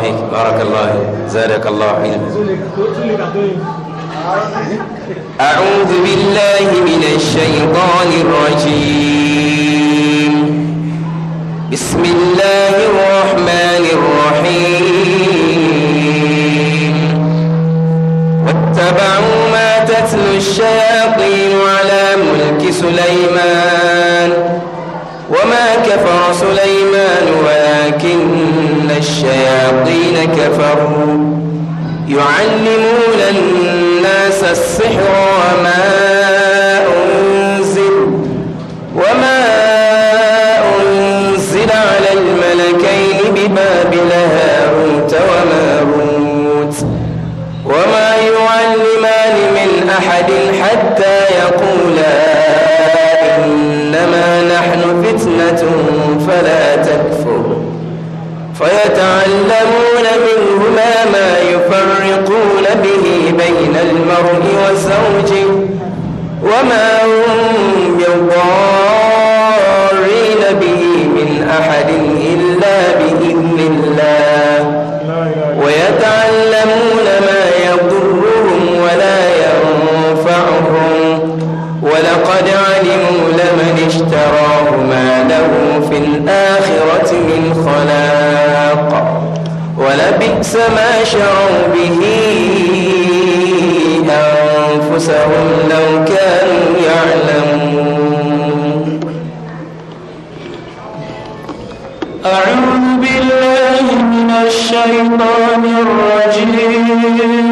الله فيك بارك الله زادك الله علما أعوذ بالله من الشيطان الرجيم بسم الله الرحمن الرحيم واتبعوا ما تتلو الشياطين على ملك سليمان وما كفر سليمان ولكن الشياطين كفروا يعلمون الناس السحر وما أنزل وما أنزل على الملكين ببابلها فيتعلمون منهما ما يفرقون به بين المرء وزوجه وما الشيطان الرجيم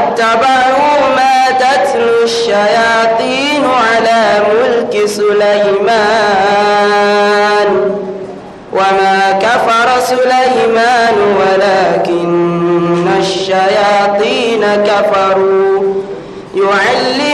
واتبعوا ما تتلو الشياطين على ملك سليمان وما كفر سليمان ولكن الشياطين كفروا يعلمون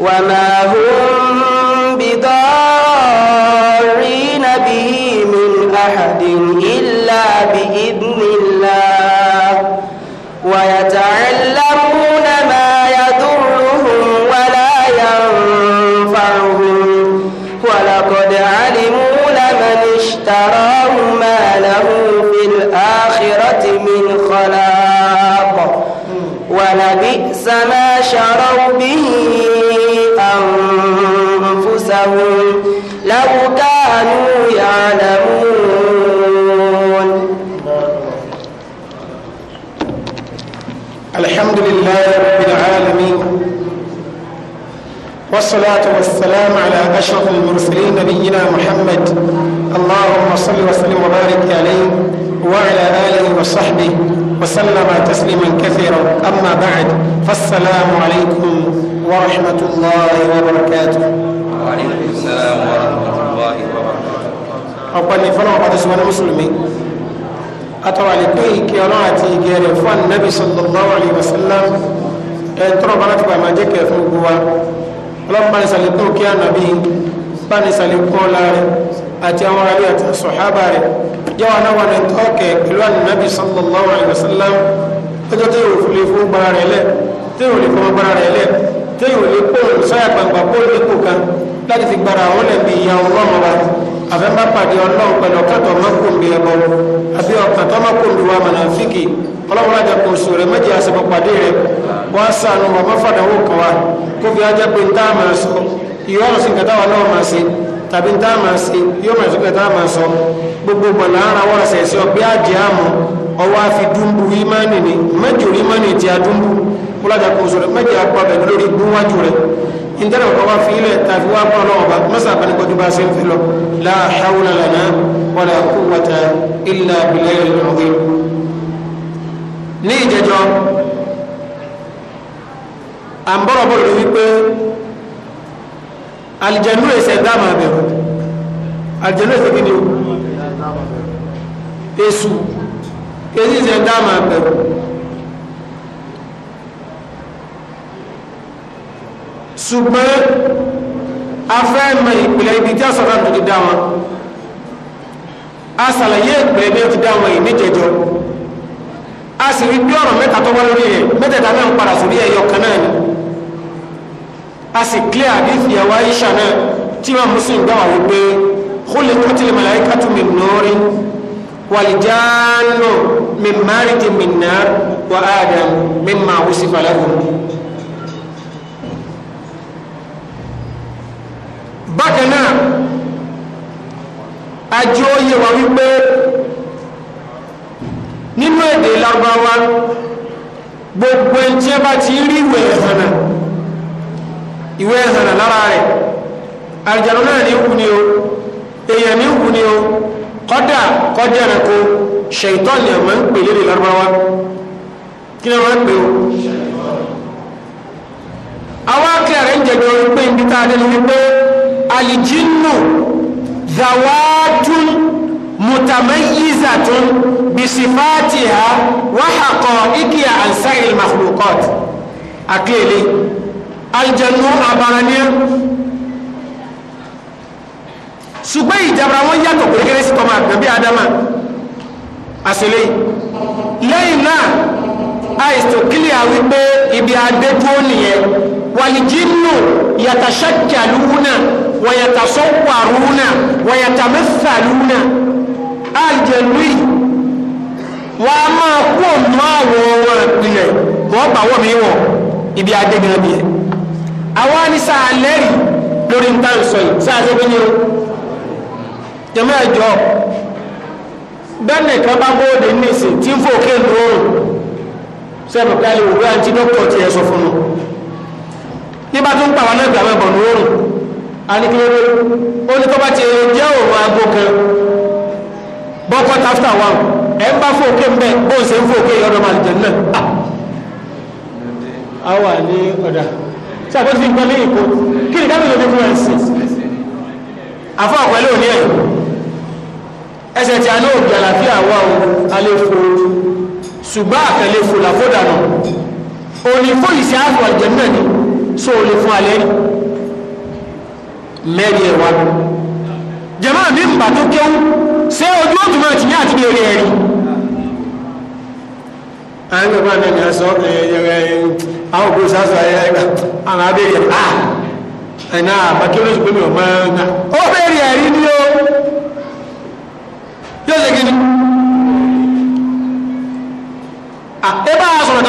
وما والصلاة والسلام على أشرف المرسلين نبينا محمد اللهم صل وسلم وبارك عليه وعلى آله وصحبه وسلم تسليما كثيرا أما بعد فالسلام عليكم ورحمة الله وبركاته وعليكم السلام ورحمة الله وبركاته أقول فلو قد سوانا مسلمي أتوى لكي كيراتي غير النبي صلى الله عليه وسلم أترى بلاتك ما جكي ọlọ́pàá ìsàlẹ̀ tó kí ànàbí pánisàlẹ̀ kọ́ láàrin àti àwọn arábí àti sọ̀hábà rẹ̀ yàwó anáwọ̀ ní tọ́ọ̀kẹ̀ pẹ̀lú ànàbí sallallahu alaihi wasallam ọjọ́ tí yóò lè fún gbára rẹ̀ lẹ̀ tí yóò lè fún gbára rẹ̀ lẹ̀ tí yóò lè kó sọ́yà gbàgbà kó lè kó kan láti fi gbára àwọn lẹ́bi ìyá ọlọ́run wọ́n á sànù màmá fàdánwò kan wa kó fi ajẹ́ pé ntá máa sọ ìwé ọ̀rọ̀ sí nǹkan táwa náà máa ṣe tàbí ntá máa ṣe yóò máa sọ́kẹ́ tá máa sọ gbogbo gbọ̀nà ara wọn ṣẹ̀ sí ọgbẹ́ àjẹ́ àmọ́ ọwọ́ àfi dúnbù ìmánì ni mẹ́jọ ìmánì ti àdúnbù kúlájà kò sọ̀rọ̀ mẹ́jọ àpapẹ̀ lórí gbúwájú rẹ̀ ntẹ́nà kọ́ wá fi ilẹ̀ tàbí wá pọ̀ náà ọba mẹ́sà bá ní kọjú bá ṣe ń fi lọ la hawla lana wala quwwata illa billahi al-azim ní ìjẹjọ́ à ń bọ̀rọ̀ bọ̀rọ̀ wípé alìjẹ̀nú èsẹ̀ dáàmà bẹ̀rù alìjẹ̀nú èsẹ̀ kí ni o èsù èsì ìsẹ̀ dáàmà bẹ̀rù ṣùgbọ́n afẹ́ mọ ìpìlẹ̀ ibi tí a sọ̀rọ̀ àti ti dá wọn a ṣàlàyé ìpìlẹ̀ bí ó ti dá wọn yìí níjẹjọ a sì rí bí ọ̀rọ̀ mẹ́ta tó wá lórí ẹ̀ mẹ́tẹ̀ẹ̀ta náà ń padà sórí ẹ̀yọ kan náà ni a sì clear hadith ìyàwó aisha náà tí wọn muslim gbà wà wípé khuliqatil malaikatu min nurin wal jannu min marijin min nar wa adam mimma wusifa lahum. bákan náà àjọ yẹ wá wípé nínú èdè Lárúbáwá gbogbo ẹjẹ bá ti rí ìwẹ̀ ẹ̀hànà ìwé ẹ̀hànà lára rẹ̀ àrìjànú náà ní kú ni o èèyàn ní kú ni o kọ́dà kọjá rẹ̀ kó ṣèyítọ́ ni àmọ́ ń pè lédè lárúbáwá kí ni wọ́n ń pè o. àwọn akẹ́rẹ́ rẹ̀ ń jẹjọ pé ibi tá a dé ni wípé alìjínú zawatun mutamayyizatun bisifatiha wa haqa'iqiha an sa'il makhluqat aljannu abaraniya ṣùgbọ́n ìjàmbá wọn yàtọ̀ kúrékéré sí tọ́mà nàbí adama àṣẹlẹ̀ lẹ́yìn náà àìsàn kílíà wípé ibi adétó nìyẹn wàlìjínú yàtàṣàkàlùúnà wàyàtàṣọ́wàrúnà wàyàtàmẹ́fàlúnà aljannu wa máa kú òmùwà àwọn ọmọ ìpìlẹ̀ wọ́n bá wọ́n wọ̀ ibi adé gan bìí àwa ni sáà lẹ́rì lórí nǹkan sọ yìí sáà ṣe gbẹ́yìn o jẹ́mọ́ ẹ̀jọ́ bẹ́ẹ̀ nìkan bá bóde nísìn tí ń fò kí n dúró sẹ́nu kálí òwe àti dókítà ti ẹ̀ sọ fún un nígbà tó ń pàwọn náà gbàmọ́ ẹ̀bọ̀n lóòrùn alikilere ó ní tó bá ti jẹ́ òun aago kan bọ́kọ́t after one ẹ̀ ń bá fòkè ń bẹ̀ bó ń ṣe ń fòkè yọ̀dọ̀ màlìjẹ̀ náà ah! àwa ní ọ̀dà tí a tó ti gbọ́n ní ìkó kí ni káàkiri òbí fún ẹ̀sìn àfọ́ àpẹẹlẹ òní ẹ̀ ẹsẹ̀ tí a ní òbí àlàáfíà wà ó aléfo ṣùgbọ́n àkẹlẹ́fo làfódànà òní fún ìṣe àgbọ̀ àjẹ́ náà ni so o lè fún alẹ́ rí mẹ́rin ẹ̀wà jẹ́mọ́ mi ń tó kéwú ṣé ojú òtún náà ti ní àtìlẹ́rẹ́ àwọn ìgbà náà ni a sọ àwọn òkú sásọ ayẹyẹ ẹgbà àwọn abẹ́rẹ́ à ah! ẹ̀nà àbákẹ́rẹ́ ṣùgbọ́n mi ò máa ń ná ó bẹ̀rẹ̀ ẹ̀rí ni ó yóò ṣe kí ni ẹ bá a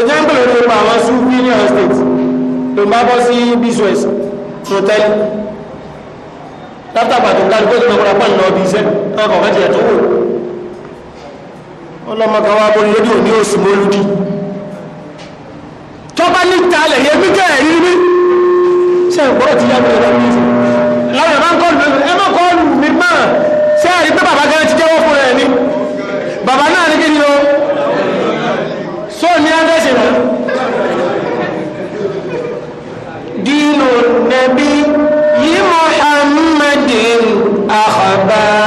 example ló ń pa àwọn láti àgbàtò ká lóko ìgbà kọ́ra pàlọ́ ọbí iṣẹ́ ọkọ̀ kan ti ẹ̀tọ́ wò ọlọ́mọ kan wá bọ́ lódò ní oṣù mọ́lúdì tọ́ba ní talẹ̀ yẹ mí jẹ́ ẹ̀rí mi ṣe ìgbọ́rọ̀ ti yá mi lọ́wọ́ mi láwọn ẹ̀ máa ń kọ́ lù mí máa ṣe àrí pé bàbá gẹ́gẹ́ أخبار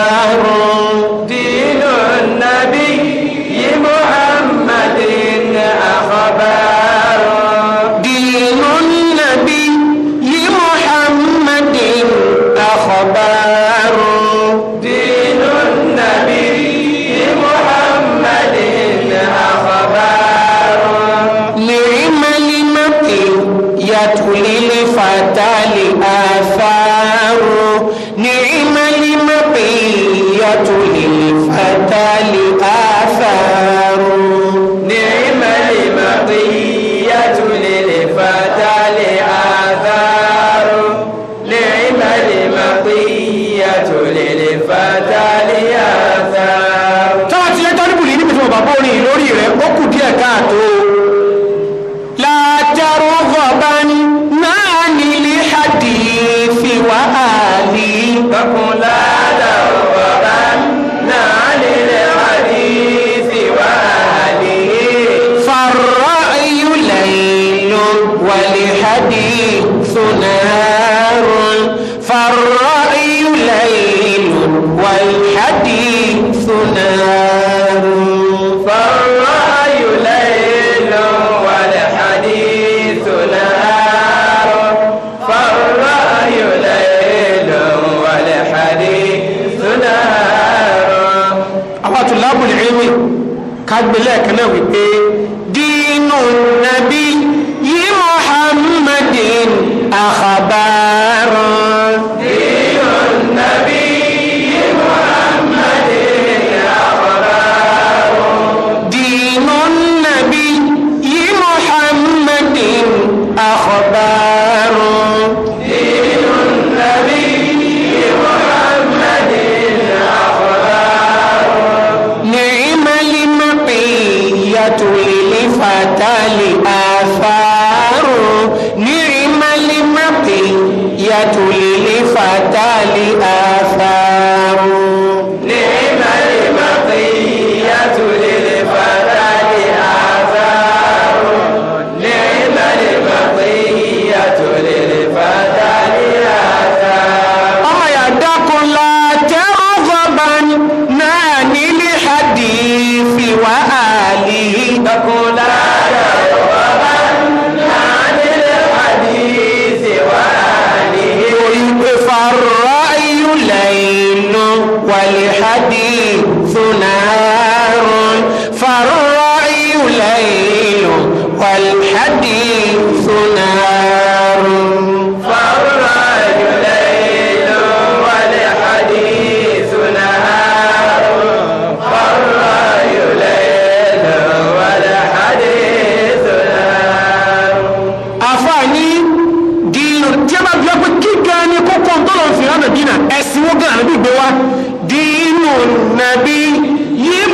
النبي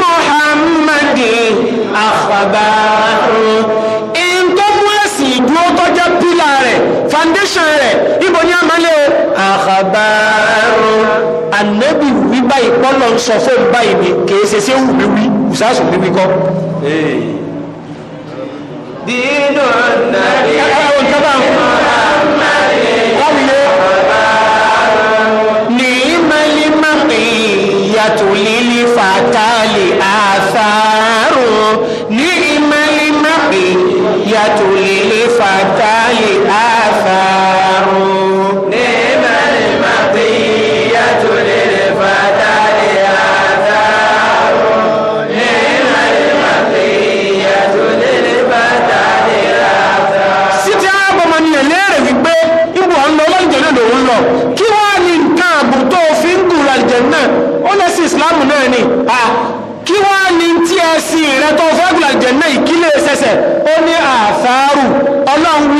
محمد أخبار dúró tọ́jọ́ pílà rẹ̀ foundation rẹ̀ ibo ni a máa lé àkàbàrò ànábì wí báyìí pọ́lọ̀ ń sọ fóun báyìí ni kìí ṣe ṣé wù mí wí ìsásùn mi wí kọ́. dínú tulili fatali asaru ni imali mahi ya tulili.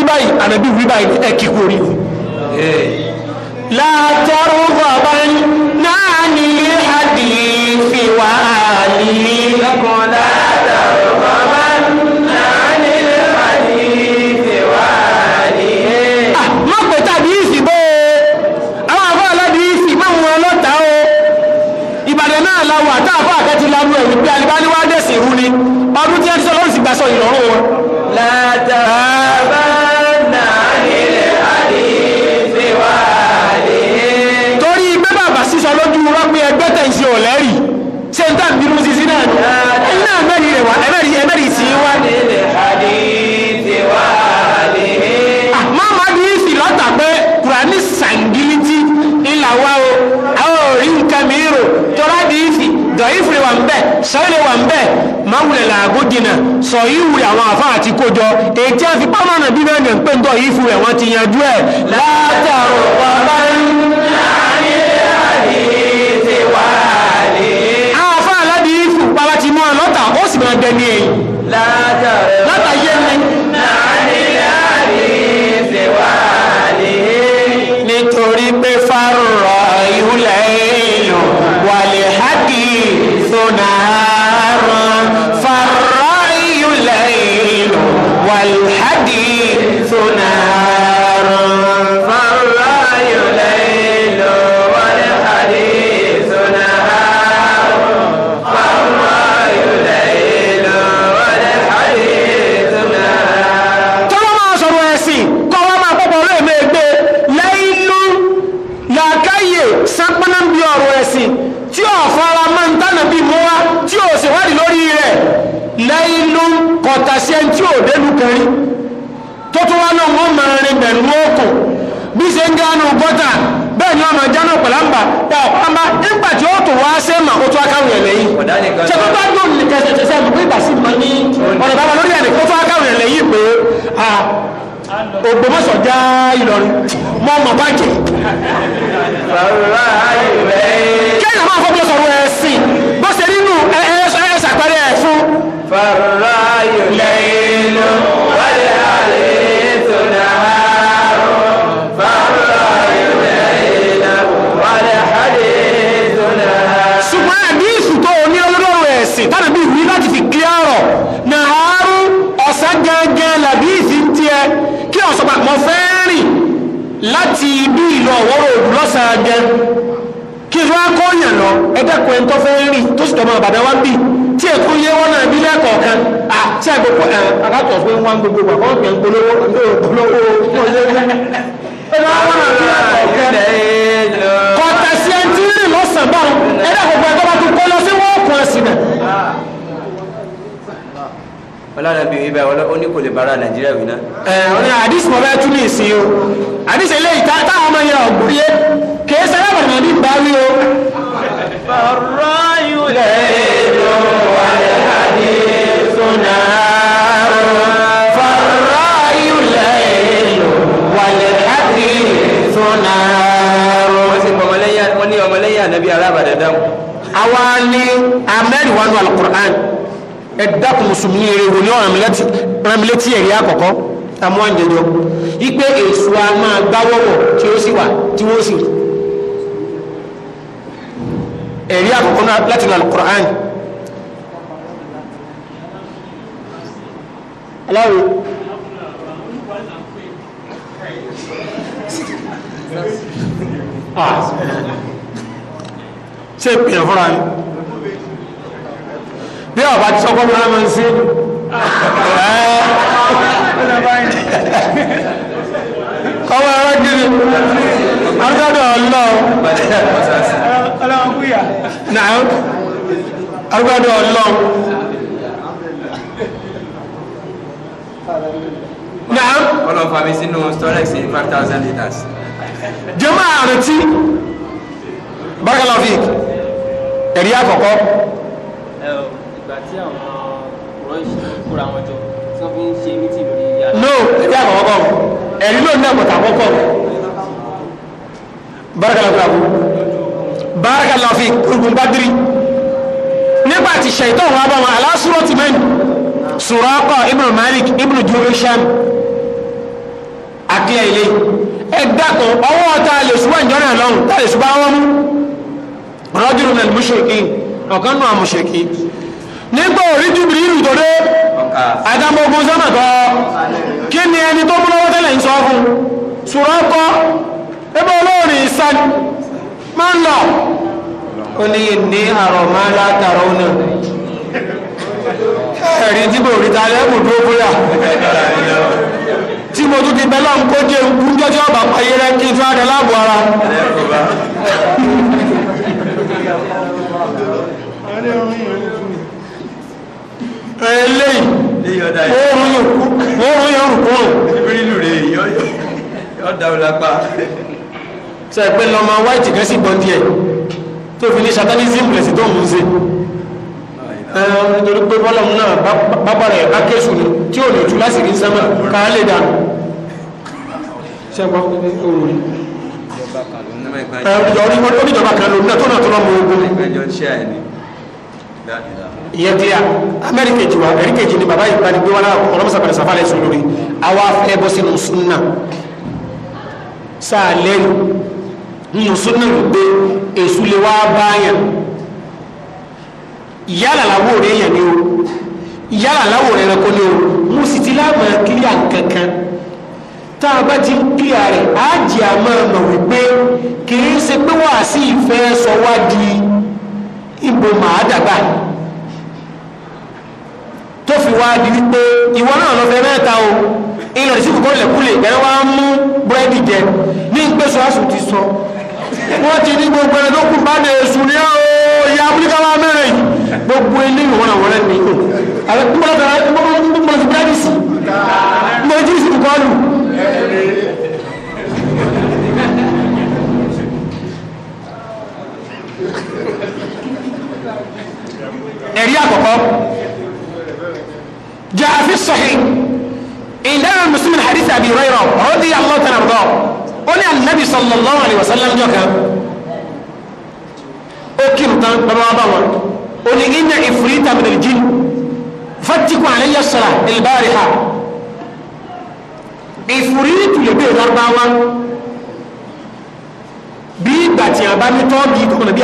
báyìí ànábì wí báyìí ẹ kíkú orí ni. látọ́rọ́. jìnà sọ ìwù àwọn àfá àti kójọ èyí tí a fi pàmò ọ̀nà bí mẹ́rin pé ń tọ́ ìfù rẹ̀ wọ́n ti yanjú ẹ̀ látàrọ̀ bàbá àfá aládìí ìfù bàbá ti mú ọ lọ́tà ó sì máa dẹni ẹ̀yìn látàrọ̀ ọ̀nà táwọn lórí ẹ̀dẹ̀ kó tó akáwé rẹ̀ lẹ́yìn pé Ògbómọ̀ṣọ́ já Ìlọrin mọ́ ọmọ báńkì. kéèyàn máa fọ́ bí sọ̀rọ̀ ẹ̀sìn bó ṣe nínú ẹ̀ ṣàpẹẹrẹ ẹ̀ fún. fàrà yìí tó náà. ṣùgbọ́n ẹ̀sìn tánàbí ìwé láti fi kíá ẹ̀dàkùn ẹ̀ńtọ́ fẹ́ rìn tó sì tọ́mọ àbàdàn wá bì tí èkó yé wọn náà bílẹ̀ kọ̀ọ̀kan àti àgbẹ̀kọ̀ ẹ̀ akátọ̀ fún wọn gbogbo wà kọ́ ọ̀gbìn polówó polówó kọ̀ọ̀tà sí ẹni rìn lọ́sàn bá wọn ẹ̀dàkùn ẹ̀ńtọ́ bá tún kọ́ lọ sí wọ́n kún ẹ̀sìn náà. ọlọ́run bí ibà ó ní kò lè bára nàìjíríà wí náà. ẹ ọ ní àdìs mọ bẹ́ẹ̀ tún ní ìsìn o àdìs eléyìí táwọn ọmọ yẹn ọ̀gbìn yé kèé sẹ́yìn àbàdàn ní ìgbà wí o. فالرأي ليل والحديث نار فالرأي ليل والحديث نار wọ́n ní ọmọlẹ́yìn ànábì arábàdà dáhùn. àwa ni amẹ́rì wà nù alukur'an ẹ dákun mùsùlùmí eré wo ni ọ̀ràn mi létí àkọ́kọ́ àmọ́ àjẹjọ́ ipe èso a máa tí ó sì wà tí wọ́n sì rí ẹ̀rí àkọ́kọ́ náà láti nà alukur'an aláwọ̀ ah. ṣe pèèyàn fúnra yìí bí ọba ti sọ gómìnà máa ń ṣe ẹ̀rọ gírí agbádọ̀ ọlọ́run agbádọ̀ ọlọ́run naam ọlọ́pàá mi sínú storage in five thousand litres. jọmọ àrètí bakalofik ẹ̀rí àkọ́kọ́. ìgbà tí àwọn rọ́ìṣì kúra wọn jọ tí wọ́n fi ń ṣe mítì lórí yàrá. no ẹ̀rí àkọ́kọ́ ẹ̀rí ló ń dàgbọ̀tà àkọ́kọ́ barakallahu barakallahu fi ogun badiri nígbà tí ṣètò wọn bá wọn aláṣúrò ti mẹ́rin sùrọ́kọ̀ ibn malik ibn jurisham àkílẹ̀ ilé ẹgbẹ́kùn ọwọ́ ta lè ṣùgbọ́n ìjọ náà lọ́hùn ta lè ṣùgbọ́n wọn mú rọ́jùrù náà mùṣèkì ọ̀kan náà mùṣèkì nígbà orí jùbìrì ìlú tó dé àdàmọ̀gbọ̀n sọ́mọ̀tọ́ kí ni ẹni tó múlọ́wọ́ tẹ́lẹ̀ ń sọ fún sùrọ́kọ̀ ebe olóòrìn ìsan máa ń lọ ó ní ní àrọ̀ máa ń látàrọ̀ ó náà ẹ̀rí tí mo rí ta lẹ́mù tó bóyá tí mo tún ti bẹ́ lọ́n kó jẹ́ kújọ́ tí ọba ayé rẹ kí n tún adé láàbò ara. eléyìí oorun yòókù oorun yòókù. ìbírí lù rè é yọ ọ dáwọ́ lápá sọ ẹgbẹ́ lọ́mọ wáìtì kan sì gbọ́n díẹ̀ tó fi ní satanism lẹ̀sìn tó ń mú ṣe nítorí pé bọ́lọ̀mù náà bábára ẹ̀ bá ni tí ò lè tú lásìkí sẹ́mà ká lè dà ṣẹ́gbọ́n òru ni ọ̀rí wọn ó níjọba kan lòun náà tó náà tó lọ́mọ ogun ìyẹn tí a amẹ́ríkà jù wa amẹ́ríkà jù ni bàbá yìí bá ní gbé wọn náà ọlọ́mọsà padà sàfà lẹ́sùn lórí àwa fẹ́ bọ́ sínú súnà sáà lẹ́nu nínú súnà wípé èṣù lè wá báyàn yálà láwò rẹ̀ èèyàn ni o yálà láwò rẹ̀ ẹranko ni o mo sì ti láàmà kílíà kankan tá a bá ti ń kílíà rẹ̀ á jẹ́ àmọ́ ọ̀nà wípé kì í ṣe pé wàá sí ìfẹ́ sọ wá di ibo màá dàgbà tó fi wá di wípé ìwọ náà lọ fẹ́ mẹ́ta o ilẹ̀ tí kò kọ́ lẹ̀kúlẹ̀ ìgbẹ́rẹ́ wá mú búrẹ́dì jẹ ní pẹ́sọ́ àṣù ti sọ wọ́n ti ní gbogbo ẹ̀ ló kù bá lè sùn ní ọ́ ìyá áfíríkà wa mẹ́rin gbogbo ilé ìwọ̀n àwọn ẹni ìlú àwọn gbọ́dọ̀ gbọ́dọ̀ fi gbádìsì gbọ́dọ̀ jíìsì kọ́ọ̀lù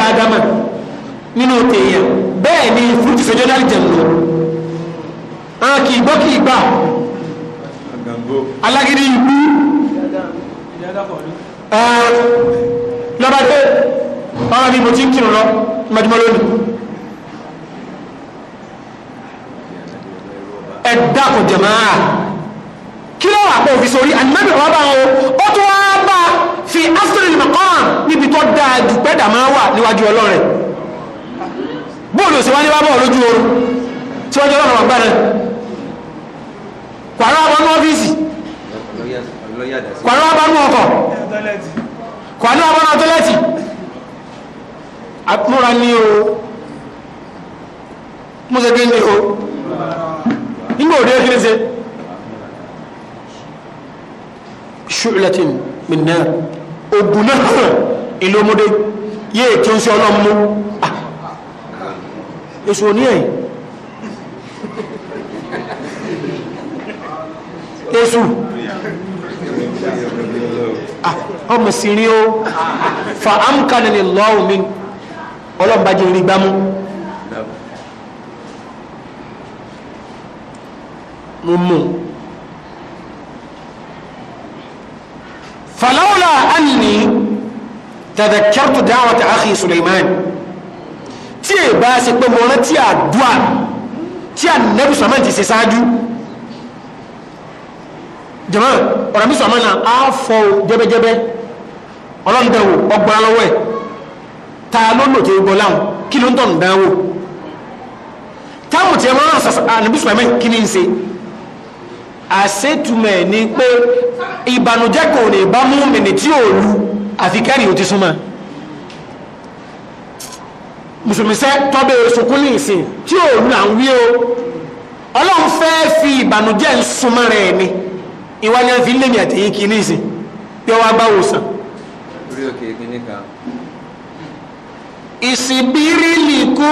ádámà nínú tèèyàn bẹ́ẹ̀ ni fúrútù sẹjọ́nà àlìjẹ̀nù a kì í gbọ́ kì í gbà alágídí ikú lọ́bàdé ọ̀rọ̀ ni mo ti ń kírun lọ mọ́júmọ́ lónìí ẹ̀dá kò jẹ̀máà kí ló wà pé òfin sórí ànínábìrì wọn bá wọn ó tún wá bá fi astoril maqam tó dáa jù pẹ́dà máa wà níwájú ọlọ́run bóòlù sí wájú bábọ̀ lójú oru tí wọ́n jọ kwara ọba ní ọ́fíìsì kwara ọba ní kwara ọba ní ọtọ́lẹ́tì múra ní o múṣe kí o nígbà òde kí ìlómúdé yíè kí ó ń sí ọlọ́mú ah. èso ní ẹ̀yìn èso ah, ọmọ sí rí ó fa amkanilè lọ́wọ́ mi ọlọ́mbàjẹ́ rí gbámú mo mú falawla anni tàdàkẹ́rù dáwọ̀ tà áhì Suleiman tí è bá ṣe pé mo rántí àdúà tí ànẹ́bù sọ̀mọ́ ti ṣe ṣáájú jẹ̀mọ́ ọ̀rọ̀ mi sọ̀mọ́ náà á fọ jẹ́bẹ́jẹ́bẹ́ ọlọ́ndẹ̀wò ọgbà lọ́wọ́ ẹ̀ ta ló lò tí ó gbọ́ láwọn kí ló ń tọ̀nù dáwọ́ àfi kẹ́rì ó ti súnmọ́ mùsùlùmí sẹ́ tọ́bẹ̀ sọkún ní ìsìn tí ò nà ń wí o ọlọ́run fẹ́ fi ìbànújẹ́ ń súnmọ́ rẹ̀ ni ìwáyé fi ń lèmi àtẹ̀yìn kì í ní ìsìn pé wá bá wò sàn. ìsìbírí lìkú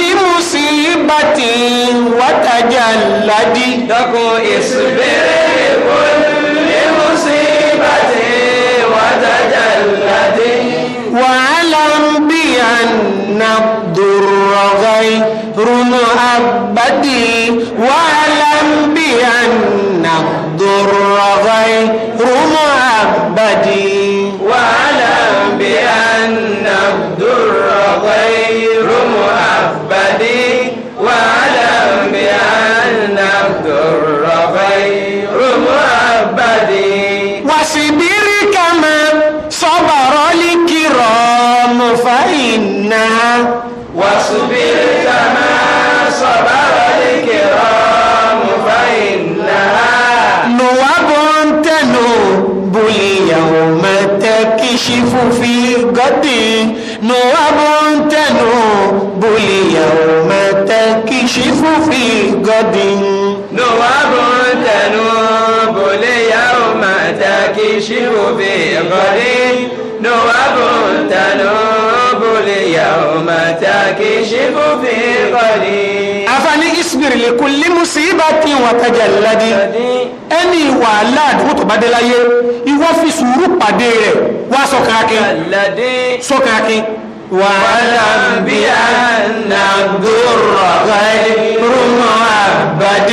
límùsí bàtì wàtàjà ládì. dákun ìsìbírí lìkú. أن الضر غير مؤبدي واعلم بأن الضر غير مؤبدي يكشف في غد نواب تنوب اليوم تكشف في غد نواب تنوب اليوم تكشف في غد نواب تنوب اليوم تكشف في غد fàkúndìrì lè kó límùsí bá ti wà tajà ládì ẹni ìwà aláàdúgbò tó bá dé láyé ìwọ fi sùúrù pàdé rẹ wá sọkàkín sọkàkín. واعلم بأن الضر غير معبد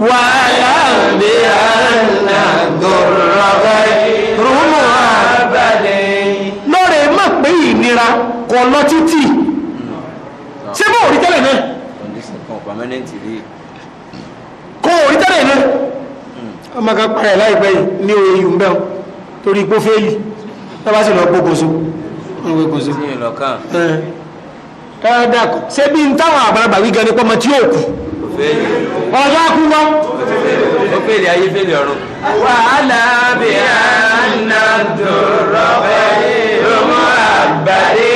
واعلم بأن الضر غير معبد. lọ́rẹ̀ẹ́ mọ̀ pé ìnira kọ́ lọ títì ọmọ kan parẹ̀ láìpẹ́ yìí ní oye yìí ń bẹ̀ torí pé fẹ́ẹ̀lì lọ́ba sì lọ gbó gozo ọ̀gbẹ́ gozo. dáadáa kọ ṣé bí n táwọn àgbàlagbà wí gan ni pọ́nmọ tí yóò kù ọjọ́ kú wọ́n. ó fèrè ayé fèrè ọ̀run. wàhálà bí i àná dùn rọ́pẹ́ ìlú mọ́ àgbáyé.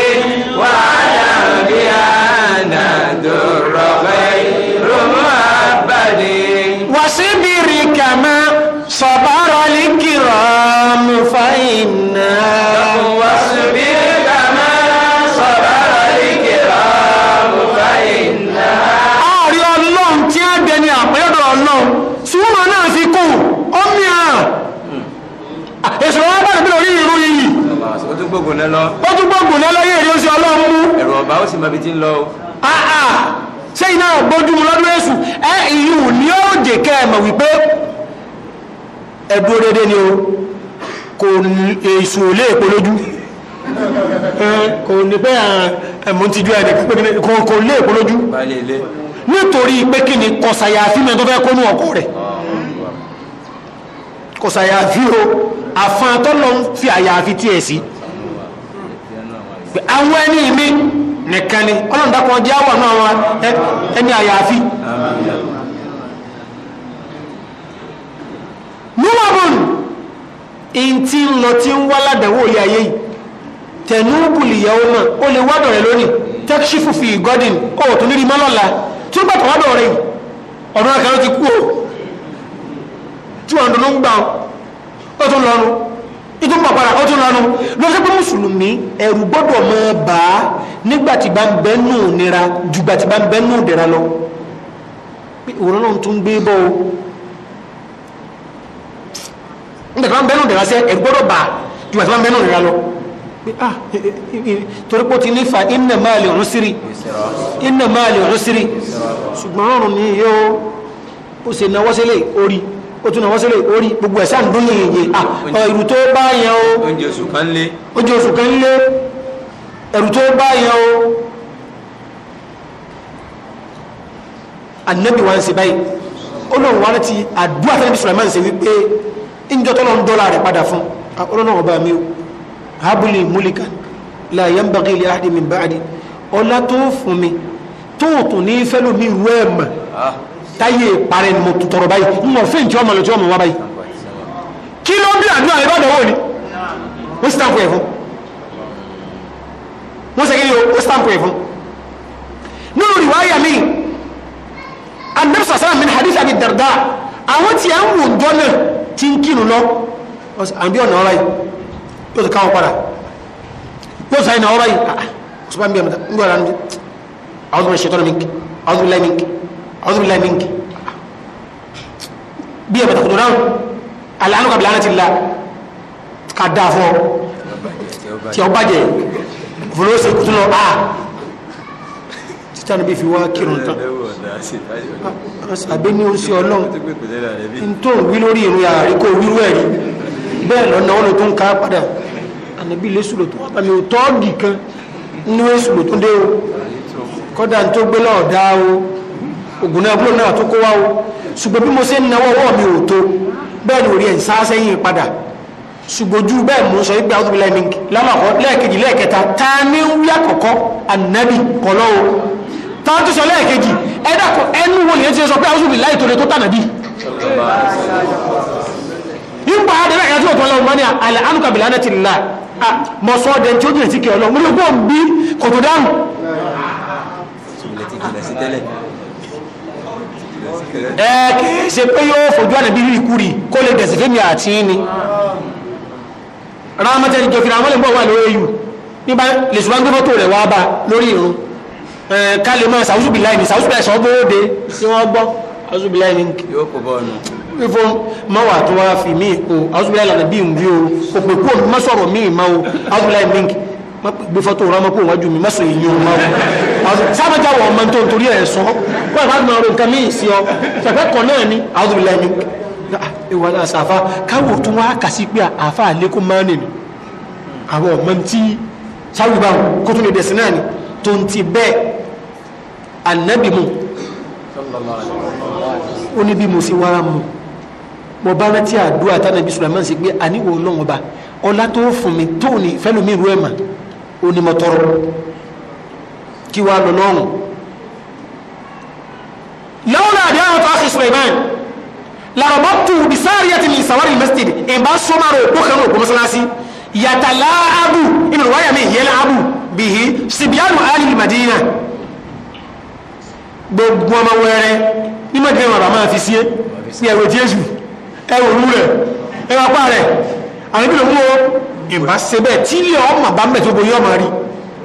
gùnà lọ. ó tún gbọ́ gùnà lọ yéèrè ó sì ọlọ́run mú. ẹ̀rù ọ̀bà ó sì mọ ibi tí ń lọ o. ṣé iná gbójúmu lọ́dún èṣù ẹ ìyún ni ó jẹ kẹ́ ẹ mọ̀ wípé ẹ̀dúró déédéé ni o kò èṣù ò lè pọ̀ lójú kò ní pé ẹ̀mú ti ju ẹ̀ kò lè pọ̀ lójú nítorí pé kí ni kọ̀sàyà àfihàn tó fẹ́ kó nú ọkọ rẹ̀ kọ̀sàyà àfihàn àfahàn tó lọ fi àyà àfi tiẹ̀ sí. Si àwọn ẹni mi nìkan ni ọlọ́run dákun jẹ́ àwọn náà wọn ẹni àyàfi. níwọ̀n ti ń lọ tí ń wá ládàáwò ilé ayé yìí tẹ̀núbùlì ìyàwó náà ó lè wádọ̀ rẹ̀ lónìí tẹ́kṣífù fi gọ́dìn ó tún lérí mọ́lọ́la tí ó gbàtọ̀ wádọ̀ rẹ̀ yìí ọ̀dọ́ kan ló ti kú o tí wọ́n dùn ló ń gbà ó tún ìtún pàpàrà ọtún lánú lọ́sẹ̀ pé mùsùlùmí ẹ̀rù gbọ́dọ̀ máa bà á nígbàtí bá ń bẹ́nù nira jùgbàtí bá ń bẹ́nù dẹ̀ra lọ òun náà tún gbé bọ́ o nígbàtí bá ń bẹ́nù dẹ̀ra sẹ́ ẹ̀rù gbọ́dọ̀ bà á jùgbàtí bá ń bẹ́nù dẹ̀ra lọ ah, torí pé ti ní fa inna máa lè rún síri inna máa lè rún síri ṣùgbọ́n ọ̀run ni yóò ó ṣe náwó sílẹ̀ orí ó tún àwọn sílẹ̀ orí gbogbo ẹ̀sà ń dún yìnyín yìí à ẹ̀rù tó bá yẹn o oúnjẹ oṣù kan lé oúnjẹ oṣù kan lé ẹ̀rù tó bá yẹn o anabi wa ń ṣe báyìí olóhùn wa ti àdúrà tẹ́lẹ̀ bí Sulaiman wípé ìjọ tó lọ́n dọ́là rẹ̀ padà fún olóhùn ọba mi táyé parẹ́ ni mo tọrọ báyìí ń wọ̀n fíìntì ọmọ lọ́tí ọmọ wa báyìí kí ló ń bí àdúrà rẹ bọ́dọ̀ wò ni ó stamp ẹ̀ fún wọ́n sẹ́kẹ́ yóò ó stamp ẹ̀ fún nínú riwaya mi anabi sàsánà mi ní hadith abi darda àwọn tí a ń wò jọ náà ti ń kírun lọ àbí ọ̀nà ọ̀rá yìí yóò ti káwọn padà yóò sáyé na ọ̀rá yìí ah ọ̀sùnmọ́ ah, mi bí ọ̀nà àwọn ọ̀dọ́ mi ṣètọ́ mi àwọn ọ̀dọ́ أعوذ بالله منك bí ẹ bàtà kòtò dáhùn aláàánú kàbílà náà ti la ká dáa fún ọ tí ọ bàjẹ́ fúlọ́ọ̀sì kùtù lọ a títà níbi fi wá kírun tán àbẹ ní oṣù ọlọ́run n tó ń wí lórí ìrìn àárí kò wíru ẹ̀rí bẹ́ẹ̀ lọ́nà wọn ló tún ká padà ànábì lẹ́sùn lò tó wá bàmí òtọ́ọ̀gì kan ní wẹ́sùn lò tó dé o kọ́dà ń tó gbé lọ́ọ̀dá o ògùn náà búrò náà tó kó wá o ṣùgbọ́n bí mo ṣe ń nawọ́ ọwọ́ mi ò tó bẹ́ẹ̀ ni orí ẹ̀ ń sá sẹ́yìn padà ṣùgbọ́n bẹ́ẹ̀ mú sọ wípé àwọn tóbi lámàkọ́ lẹ́ẹ̀kejì lẹ́ẹ̀kẹta ta ní ń wí àkọ́kọ́ ànábì kọ́lọ́ o ta tó sọ lẹ́ẹ̀kejì ẹ̀dàkọ́ ẹnu wo nìyẹn ti sọ pé àwọn tóbi láì tó lè tó tànàbí nípa adé lẹ́ẹ̀kẹ́ tí òtún ọlọ́run bá ní àlẹ́ anukabila náà ti là mọ̀ sọ ọdẹ tí ó jìnà sí kẹ́ ọlọ́run mo ní gbọ́n bí kò dáhùn ẹ kìí ṣe pé yóò fojú ànàbí rí kúri kó lè dẹ̀sẹ̀ fẹ́mi àti ni ramata ni jọfin àwọn olùgbọ́ wà lórí eyu nígbà lè ṣùgbọ́n gbé fọ́tò rẹ̀ wá bá lórí irun ká lè máa sàwùsùbì láìní sàwùsùbì láìsàn bóde tí wọ́n gbọ́ sàwùsùbì láìní yóò kó bọ́ọ̀nù fífọ́ o sàwùsùbì láìní lànà bí n rí o kò pè kú òmí má sọ̀rọ̀ mí ìmá o sàwùsùbì sábàjá wọ̀ ọmọ tó ń torí ẹ̀ sọ wọ́n bá máa o nǹkan míì sí ọ fẹ̀fẹ́ kan náà ni àwọn tó lẹ́ni ìwà náà sàfà káwò tó wá kà sí pé àfà àlékún máa nì ní àwọn ọmọ tí sáwì bá kó tún lè dẹ̀ sí náà ni tó mu mo ṣe wára mu mo bá rántí àdúrà tánàbí Sulaiman ṣe pé àníwò ọlọ́run ọba ọlá tó fún mi tó ní fẹ́lómi ìrú ẹ̀ mà ó ní mo tọrọ kí wàá lọ lọ́rùn. lọ́wọ́n àdéhùn tó àkè Suleiman làrọ̀bọ́tù bisáàrìyàtì ní ìsàwárì masjid ìbá sọ́mọ́rọ̀ òkú kan òkú mọ́sálásí yàtàlá abu inú wáyà mi yẹlẹ abu bìhí sibianu ali madina gbogbo ọmọ wẹrẹ ní madina bàbá máa fi síé ní ẹwẹ jésù ẹwẹ òru rẹ ẹwà pa rẹ àwọn ibi lòun o ìbá sebẹ tí ilé ọmọ bá ń bẹ tó bo yọmọ rí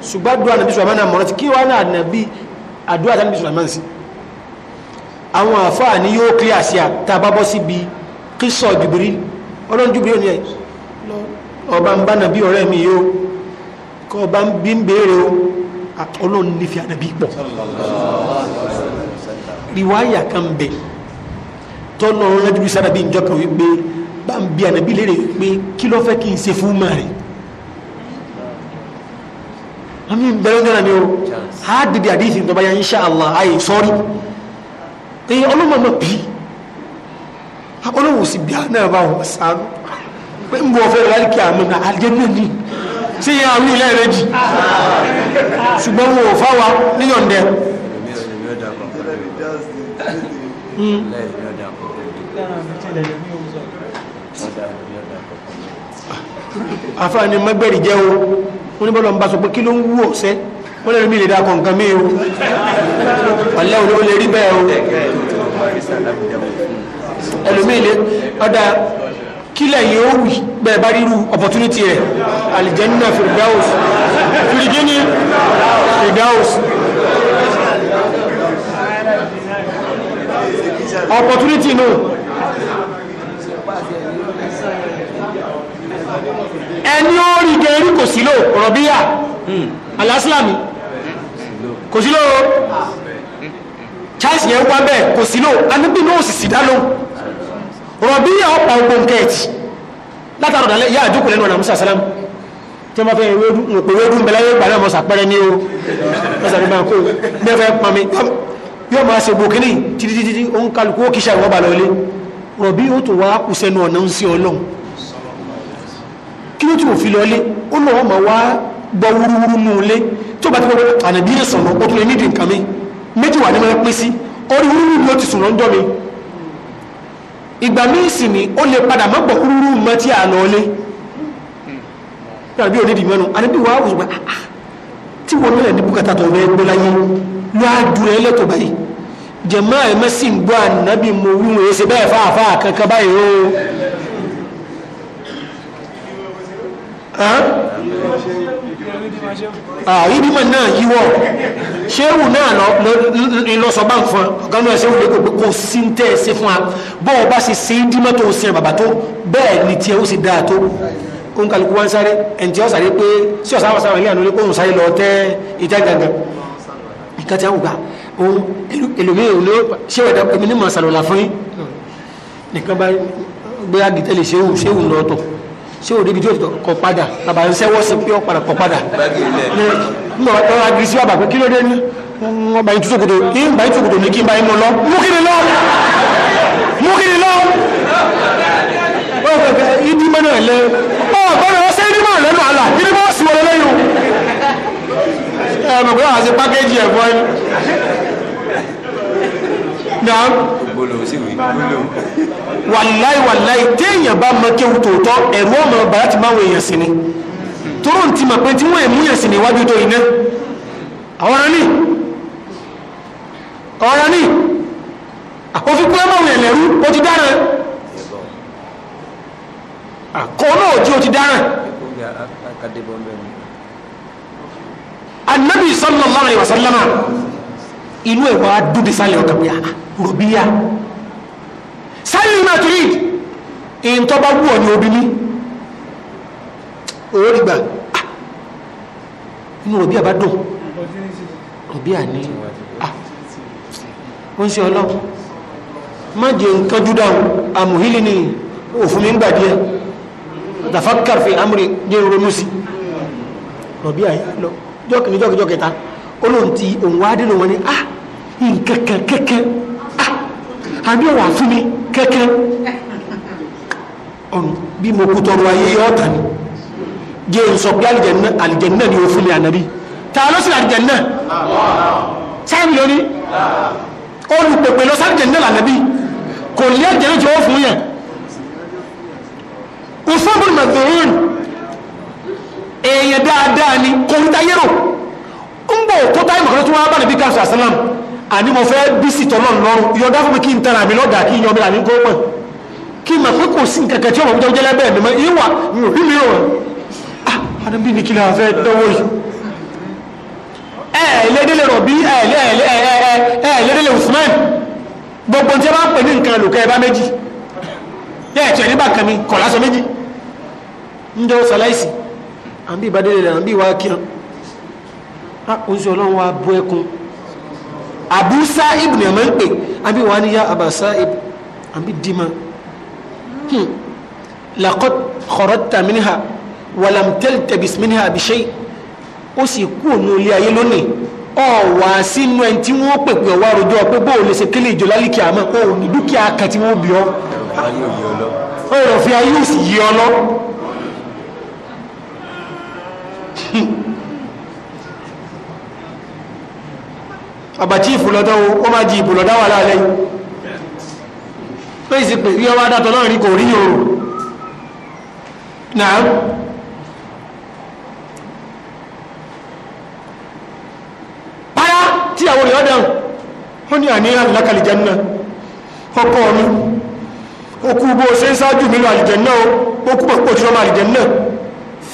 ṣùgbọ́n àdúrà nàbí sùlẹ̀mán náà mọ̀ràn tí kí wọ́n náà nàbí àdúrà tàbí sùlẹ̀mán sí àwọn àfáà ni yóò kílẹ̀ àṣì àtàbábọ́ síbi kíṣọ̀ jùbìrí ọlọ́run jùbìrí òní ẹ̀ ọba ń bá nàbí ọ̀rẹ́ mi yóò kọ́ ọba ń bí ń béèrè o ọlọ́run nífẹ̀ẹ́ ànàbí pọ̀ riwaya kan bẹ̀ tọ́nà ọ̀rẹ́ dúdú sára bí ìjọ kan wípé bá ń bí ànàbí lérè wípé kí ló fẹ́ kí n ṣe fún màrí àmì ìbẹ̀rẹ̀ náà ni o a dìde àdíìsì ìjọba ya insha Allah ayé sọ́rí ẹ̀yìn ọlọ́mọ̀mọ̀ bí ọlọ́wọ̀ sí bí a náà bá wọ̀ sánú pé ń bọ̀ fẹ́ láìkí àmì náà àjẹ́ náà ni sí yẹn àwọn ilé rẹ̀ jì ṣùgbọ́n wọn ò fáwa níyọ̀ndẹ̀ hmm wọ́n ní bọ́lọ̀ ń bá sọ pé kí ló ń wú ọ̀sẹ́ wọ́n lè rí mi lè dakọ̀ nǹkan mi o ọ̀lẹ́ òní ó lè rí bẹ́ẹ̀ o ẹlòmíì lè ọ̀dà kílẹ̀ yóò wì bẹ́ẹ̀ bá rírú opportunity rẹ̀ alìjẹ́nà firdaus firigini firdaus opportunity náà. ẹni ó rí gẹ̀ẹ́rí kò sílò rọ̀bíyà alásìlámi hmm. kò sílò charles yẹn wá bẹ́ẹ̀ kò sílò anábì náà sì sídá lóhùn rọ̀bíyà ọ̀pọ̀ ogun kẹ́ẹ̀tì látàrọ̀ dálẹ́ yá àdúkù lẹ́nu ọ̀nà musa sálámù tí wọ́n fẹ́ pè wédú ń bẹ̀lẹ́ ìgbà náà mọ̀ sàpẹ́rẹ́ ní o mọ́sàdúgbà kó mẹ́fẹ́ pami yóò máa ṣe bòkínì títí títí ó ń kálukú ó kíṣà ìwọ́ba lọ́lé rọ̀bí ó tún wá kù sẹ́nu ọ̀nà ń sí ọlọ́run kí ló tí mo fi lọlé ó lọ ọmọ wá gbọ́ wúrúwúrú nù lé tí ó bá ti pẹ́ pẹ́ ànàbí yẹn sọ̀rọ̀ ó tún lè nídìí nǹkan mi méjì wà ní máa pín sí orí wúrúwúrú ló ti sùn lọ́jọ́ mi ìgbà míì sì ni ó lè padà má gbọ́ wúrúwúrú mọ́ tí a lọlé ànàbí ò nídìí mẹ́nu ànàbí wà á wù pé ah, ah, tí wọn náà ní bùkátà tó rẹ gbé láyé ló á dùn ẹ lẹ́tọ̀ báyìí jẹ̀mọ́ ẹ̀mẹ́sì gbọ́ àríbímọ̀ ah, náà yíwọ́ ṣéwù náà lọ́sọ̀bá nǹkan ọ̀gánú ẹ̀ṣẹ́wù lè gbogbo kò sí tẹ́ ẹ sí fún wa bọ́ ọba ṣe sí dímọ́ tó sin bàbá tó bẹ́ẹ̀ ni tí ẹ ó sì dáa tó ó ń kálukú wá ń sáré ẹ̀ǹtí ó sáré pé sí ọ̀sán àwọn sáwọn ilé àná oníkóhùn sáré lọ tẹ́ ìjà gangan nǹkan tí a wù gbà ohun èlòmíì ló ṣé wẹ̀dá èmi ní màá se o ibi tí yóò kọ padà bàbá ń sẹ́wọ́ sí pé ó padà kọ padà ní ọ̀rọ̀ agiri sí bàbá pé kí ló dé ní wọ́n bá yín tútù kòtò kí n bá yín tútù kòtò ní kí n bá yín mú lọ mú kí ni lọ mú kí ni lọ ibi mọ́nà ẹ̀lẹ́ ọ̀gbọ́n ọ̀sẹ̀ ibi mọ́nà lẹ́nu àlà ibi mọ́ sí wọlé lẹ́yìn o ẹ̀mọ̀gbọ́n àti pákéjì ẹ̀fọ́ yín náà wàláì wàláì téèyàn bá mọ kéwù tòótọ́ ẹ̀rú ọmọ bàrá ti máa wọ èèyàn sí ni tóró ti mọ̀ pé tí wọ́n èmú èèyàn sí ni iwájú tó iná ọ̀rọ̀ ni ọ̀rọ̀ ni òfin pé ọmọ òyìn ẹ̀lẹ́rú ó ti dáràn àkọ́ náà jí ó ti dáràn annabi sallallahu alaihi wasallam inú ẹ̀wà dúdú sálẹ̀ ọ̀kàwé àá ah, Rubiya, sẹ́yìn náà tún yìí èyí tó bá wù ọ́ ní obìnrin owó rí gbà inú rubia bá dùn rubia ní ó ń ṣe ọlọ́ má jẹ́ nǹkan júdà àmùhílì ni òfin ah. ah. mi ń gbà díẹ̀ tafakar fi amri jẹ́ ronú sí rubia yìí lọ jọ́kìnní jọ́kìjọ́kẹta olóhùn ti òun wá dínú wọn ni ah nǹkan àbí ọ̀wà fún mi kẹ́kẹ́ ọ̀run bí mo kú tọrọ ayé yọ ọ̀tà ni jẹ́ n sọ pé àlìjẹ̀n ni ó fún mi ànábì ta ló sì àlìjẹ̀n náà sáàmì lórí olùpèpè lọ sáàlìjẹ̀n náà lànàbí kò lé ẹ̀jẹ̀ ló fún yẹn usman mazurun èèyàn dáadáa ni kò ń ta yẹ́rò ń bọ̀ tó táyé mọ̀kànlá tó wá bá nàbí káàsì àsálàmù àní mo fẹ́ bí sí tọ́lọ́ lọ́rùn yọ̀dá fún mi kí n tara mi lọ́dà kí kó kí n mà pé kò sí nǹkan ọmọ mi jẹ́ lẹ́bẹ̀ẹ́ mi wà mi ò rí mi ah, ni kí fẹ́ yìí rọ̀bí Usman gbogbo tí a bá ń pè ní nǹkan lòkẹ́ ẹ̀bá méjì ẹ̀ẹ̀tì ẹ̀ní bàkan mi kọ̀ méjì ń Abu Sa'ib ni ọmọ ń pè àbí wàá níyà Abu Sa'ib àbí dìímà hmm. laqad kharajta minha walam taltabis minha bi shay ó sì kú ònú ilé ayé lónìí ọ̀wà sínú ẹni tí wọ́n pèpè ọ̀wà rojọ́ pé bóò lè ṣe kílè ìjọ lálìkì àmọ́ òun ní dúkìá kan tí wọ́n bí ọ́ ọ̀rọ̀ fi ayé òsì yí ọ lọ. Hmm. àbàtí ìfúlọ́tọ́ ó má di ìbùlọ́dá wà láàlẹ́ pé ìsìnkú rí ọwá dátọ́ lọ́rin kò rí yòrò náà párá tí àwọn èèyàn dáhùn ó ní àníyàn lákàlìjẹ́ náà ọkọ̀ mi okú bó ṣe ń sáájú mi lọ àlìjẹ́ náà ó kú pọ̀ tí wọ́n máa àlìjẹ́ náà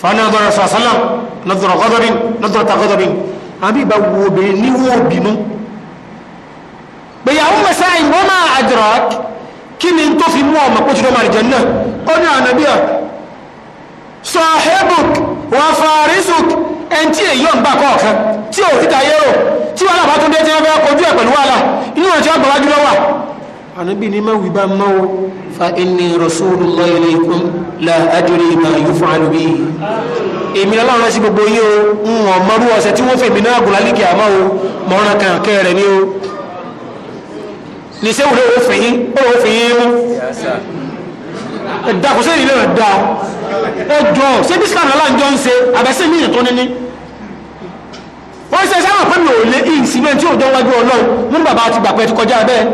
fanadọ́rọ̀ sàṣálà nadọ́rọ̀ gọ́dọ̀bìn nadọ́rọ̀ tagọ́dọ̀bìn àbí ìgbà wo obìnrin níwọ̀n bínú gbéyàwó mẹ́sàn-án ìwọ́n máa àjọ̀rọ̀ kí ni tó fi mú ọmọ kóṣù lọ́mọ àlìjẹ́nà ó ní ànábíà sọ̀hẹ́bùk wà fàrísùk ẹn tí èyí ọ̀nbà kọ̀ọ̀kan tí ò ti tàyé rò tí wàhálà bá tún dé tí wọ́n fẹ́ kojú ẹ̀ pẹ̀lú wàhálà inú ọ̀jọ́ gbọ́wájú lọ́wọ́ ànábì ní mẹ́wìí bá mọ́ o fa inni rasulullah ilaykum la adri ma yuf'alu bi èmi ọlọ́run rẹ̀ sí gbogbo yìí o ń wọ̀n mọ́rú ọ̀sẹ̀ tí wọ́n fèmí náà gùn lálẹ́ kìá mọ́ o mọ́ràn ní sẹ́wù ló wò fìyín ó lò wò fìyín mú ẹ̀dàkùsẹ́ ìlú rẹ̀ dá ẹ jọ ṣé bí sìkàmù lọ́la ń jọ ń ṣe àbẹ̀sẹ̀ ní ìyẹn tó níní wọ́n ṣe sáwọn àpẹ́mì ò lé ìsìn náà tí ò wájú ọlọ́run mú bàbá àti gbàpẹ́ ti kọjá bẹ́ẹ̀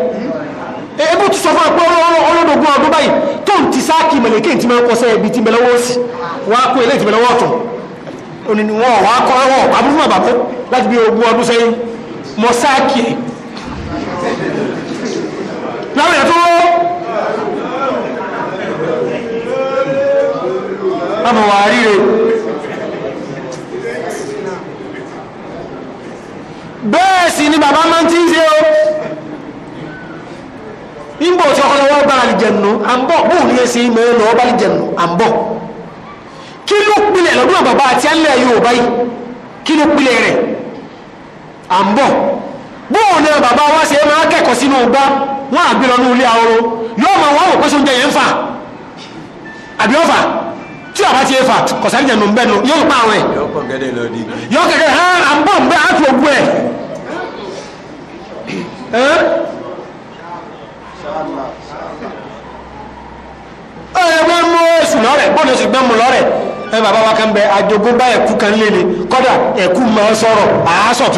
ebi ti sọ fún ọpọ ọlọ́dọ̀gbọ́n ọdún báyìí tó ń ti sáàkì mẹ̀lẹ̀ kí n ti máa kọsẹ̀ ibi ti mẹ̀lẹ̀ wọ́n sí wọ́n á kó ilé ìtìmẹ̀lẹ̀ wọ́n tún òní ni wọ́n wọ́n á kọ́ wọ́n abúlé bàbá láti bí ogún ọdún sẹ́yìn mọ́ sáàkì láwọn èèyàn tó rọ́ àmọ̀ wà ríre bẹ́ẹ̀ sì ni bàbá máa ti ń ṣe o nígbò tí ọkọ̀ lọ́wọ́ bá àlìjẹ̀nù àmbọ̀ bóun ní ẹsẹ̀ ìmọ̀ ẹ̀ lọ́wọ́ bá àlìjẹ̀nù àmbọ̀ kí ló pilẹ̀ lọ́dún bàbá àti alẹ́ Yorùbá yìí kí ló pilẹ̀ rẹ̀ àmbọ̀ bóun ní bàbá wa ṣe máa kẹ́kọ̀ọ́ sínú ọgbà wọ́n àgbé ní ilé ahoro yóò máa wọ́n wò pé sóúnjẹ yẹn fà tí ọ̀fà ti fà kọ̀sáré jẹ̀ nù yóò pa kẹ̀kẹ́ ha àbọ̀ ń bẹ́ àtò ògbó ẹ̀. ẹ wọ́n mú èsù lọ́rẹ̀ bọ́ọ̀lù èsù na lọ́rẹ̀ ẹ bàbá wa kan bẹ àjogúnbá ẹ̀kú kan lé ni kọ́dà ẹ̀kú máa sọ̀rọ̀ àásọ̀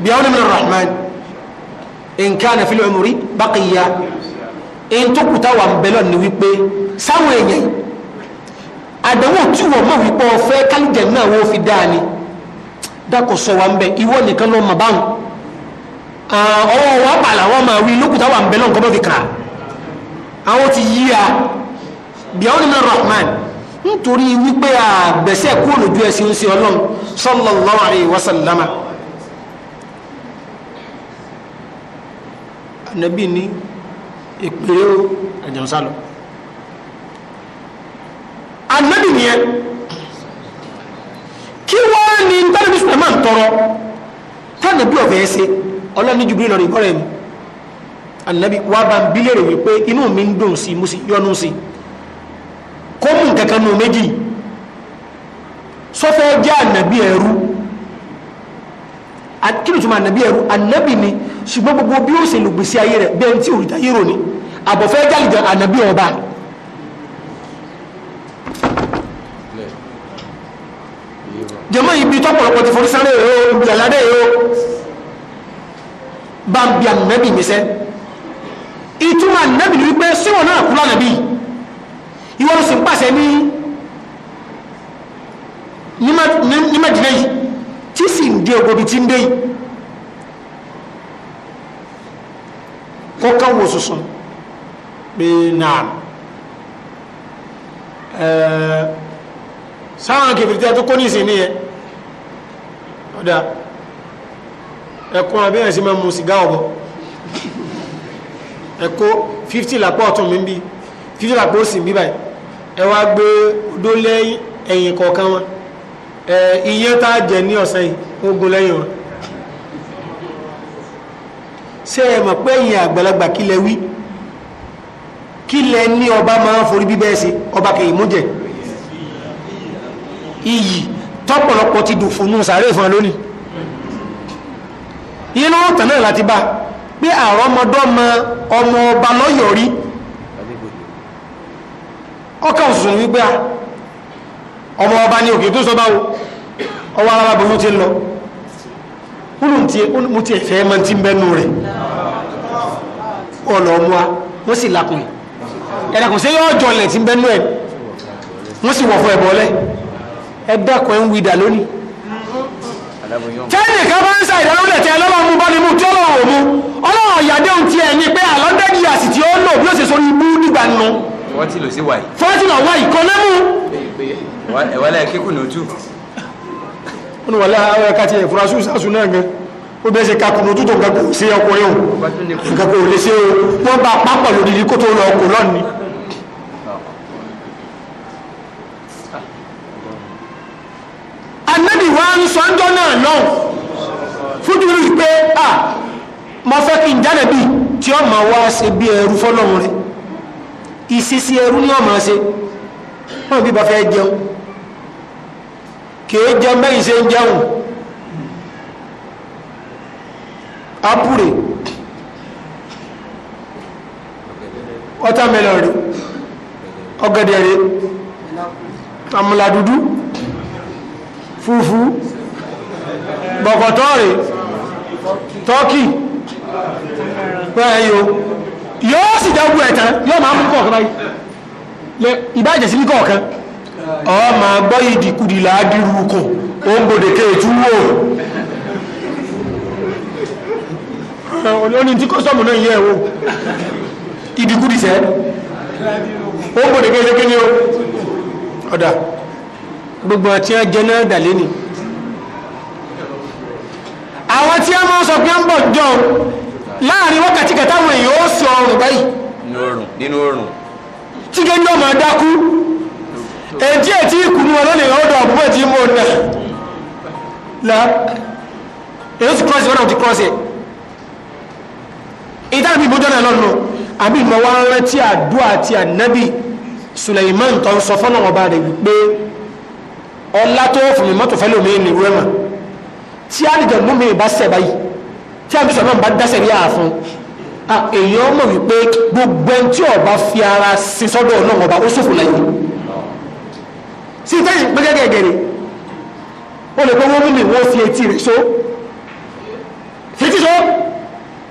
بعون من الرحمن إن كان في العمر بقية إن تكتا وانبلون نويبي ساويني àdánwò tí wọ́n mọ̀ wípé ọ̀fẹ́ kálíjẹ̀ náà wọ́n fi dáa ni dákò sọ wa ń bẹ ìwọ nìkan lọ́ọ́ mọ̀ báwọn ọwọ́ wa bàlà wọn máa wí lókùtà wà ń bẹ lọ́nkọ́ bọ́ fi kà á àwọn ti yí a bíọ́n nínú rahman nítorí wípé àgbẹ̀sẹ̀ kúrò lójú ẹ̀sìn ń ṣe ọlọ́run sallallahu alaihi wasallama. anabi ní ìpèrè o ẹ̀jẹ̀ ń sálọ anabi nìyẹn kí wọ́n ní tẹ́lifísì náà máa ń tọrọ tẹ́lifí ọ̀fẹ́ ṣe ọlọ́ni jubilee lọ́rọ̀ ìkọ́rẹ́ mi anabi wa bá ń bílẹ̀rẹ̀ wípé inú mi ń dùn sí mo sì yọnu sí kó mú nǹkan nù méjì sọfẹ́ jẹ́ anabi ẹ̀rú akíni tó máa nàbí ẹrú ànábì ni ṣùgbọ́n gbogbo bí ó ṣe lùgbèsè ayé rẹ̀ bẹ́ẹ̀ tí òrìta yìí ròní àbọ̀fẹ́ jálìjà ànábì ọba ni. jẹ́mọ́ ibi tọ́pọ̀lọpọ̀ ti forí sáré o ìgbàládé o bá ń bi ànábì mi sẹ́ ìtumọ̀ ànábì ni wípé síwọ̀n náà kúrò ànábì ìwọ́n sì ń pàṣẹ ní ní Mẹ́dínà yìí tí sì ń dé ogobi tí ń dé yìí kọ́kàn wò sùsùn pé náà sáwọn kìfìrì tí a tó kó ní ìsìn ní ẹ ọ̀dá ẹkùn àbẹ́yàn sí máa mú sìgá ọ̀bọ̀ ẹkó 50 làpọ̀ ọ̀tún mi ń bí 50 làpọ̀ òsì ń bí báyìí ẹ gbé odó lẹ́yìn ẹ̀yìn kọ̀ọ̀kan wọn iye tá a jẹ ní ọ̀sẹ̀ yìí ogun lẹ́yìn wọn ṣé ẹ mọ̀ pé ìyẹn àgbàlagbà kí lẹ wí kí lẹ ní ọba máa ń forí bíbẹ́ sí ọba kì í mú jẹ iyì tọ́pọ̀lọpọ̀ ti dùn fún un sàárè fún un lónìí inú ọ̀tàn náà láti bá pé àrọ́mọdọ́mọ ọmọ ọba lọ́yọ̀ọ́ rí ọkà òṣùṣù wípé a. Ah, ọmọ ọba ní òkè tó sọ báwo ọwọ́ ara bọ̀ ló ti lọ mo ti ẹ̀fẹ́ mọ́ ti bẹ́nu rẹ̀ ọ̀nà ọmọ wa wọ́n sì lakùn ẹ̀dàkùn sí yọ́ jọlẹ̀ ti bẹ́nu ẹ̀ wọ́n sì wọ̀ fún ẹ̀bọ̀lẹ́ ẹ̀dàkùn ẹ̀ ń wí dà lónìí tẹ́lẹ̀ kan bá ń sa ìdánilẹ̀ tẹ́ ẹ̀wọ́lẹ̀ kíkù ní ojú wọn ni wọ́n lẹ́ àwọn ẹ̀ka ti ìfurasí ìsásùn náà gan ó bẹ́ẹ̀ ṣe ka kùnú ojú tó nǹkan kò sí ọkọ̀ yóò nǹkan kò lè ṣe o wọ́n bá pápọ̀ lórí ní kó tó lọ ọkọ̀ lọ́ni anábì wa ń sọ ń jọ náà lọ́hùn fújú rí pé à mo ẹrú fọ́lọ́run rẹ̀ ṣe wọn bí ba fẹ́ jẹun kèé jẹ mẹ́yìn ṣe ń jẹun apure watermelon rẹ ọ̀gẹ̀dẹ̀ rẹ àmàlà dúdú fùfú bọ̀kọ̀tọ̀ rẹ tọ́kì pẹ́ẹ́yò yóò sì jẹ́ gbọ́ ẹ̀tàn yóò máa mú kọ̀ọ̀kan báyìí ìbájẹ̀sí ní kọ̀ọ̀kan ọmọ agbọ́ ìdìkudì láàdìrú kùn ó ń bòdèké ìtúwò olóní tí kọ́sọ̀mù náà yẹ ẹ̀wò ìdìkudì sẹ́ ó ń bòdèké ìtúwò ní ọ̀dà gbogbo àti ajẹ́ náà dàlé ni àwọn tí a máa sọ pé ń bọ̀ jọ láàrin wákàtí kẹta àwọn èèyàn ó sì ọrùn báyìí nínú oòrùn tí gẹ́gẹ́ náà máa ẹ̀tí ẹ̀tí ìkùnú wọn lónìí ọ̀dọ̀ àbúgbò ẹ̀tí mọ̀ ọ̀nà là èyí ti kọ́sì wọn ti kọ́sì ìdá mi bójú ọ̀nà lọ́nu àbí ìmọ̀ wa rántí àdúrà àti ànábì Suleiman tó ń sọ fọ́nà ọba rẹ̀ wípé ọlá tó fún mi mọ́tò fẹ́lẹ́ omi ní rẹ́mà tí àlìjẹ̀ mú mi bá sẹ̀ báyìí tí àbí sọ̀rọ̀ bá dásẹ̀ rí ààfún èèyàn mọ̀ wípé gbogbo ẹni tí ọba fi ara sin sọ́dọ̀ ọlọ́run ọba ó ṣòfò láyé sí tẹ́yìn gbẹ́gẹ́gẹ́gẹ́rẹ́ o lè kọ́wọ́ mú mi wọ́n fi etí rẹ̀ so fetí so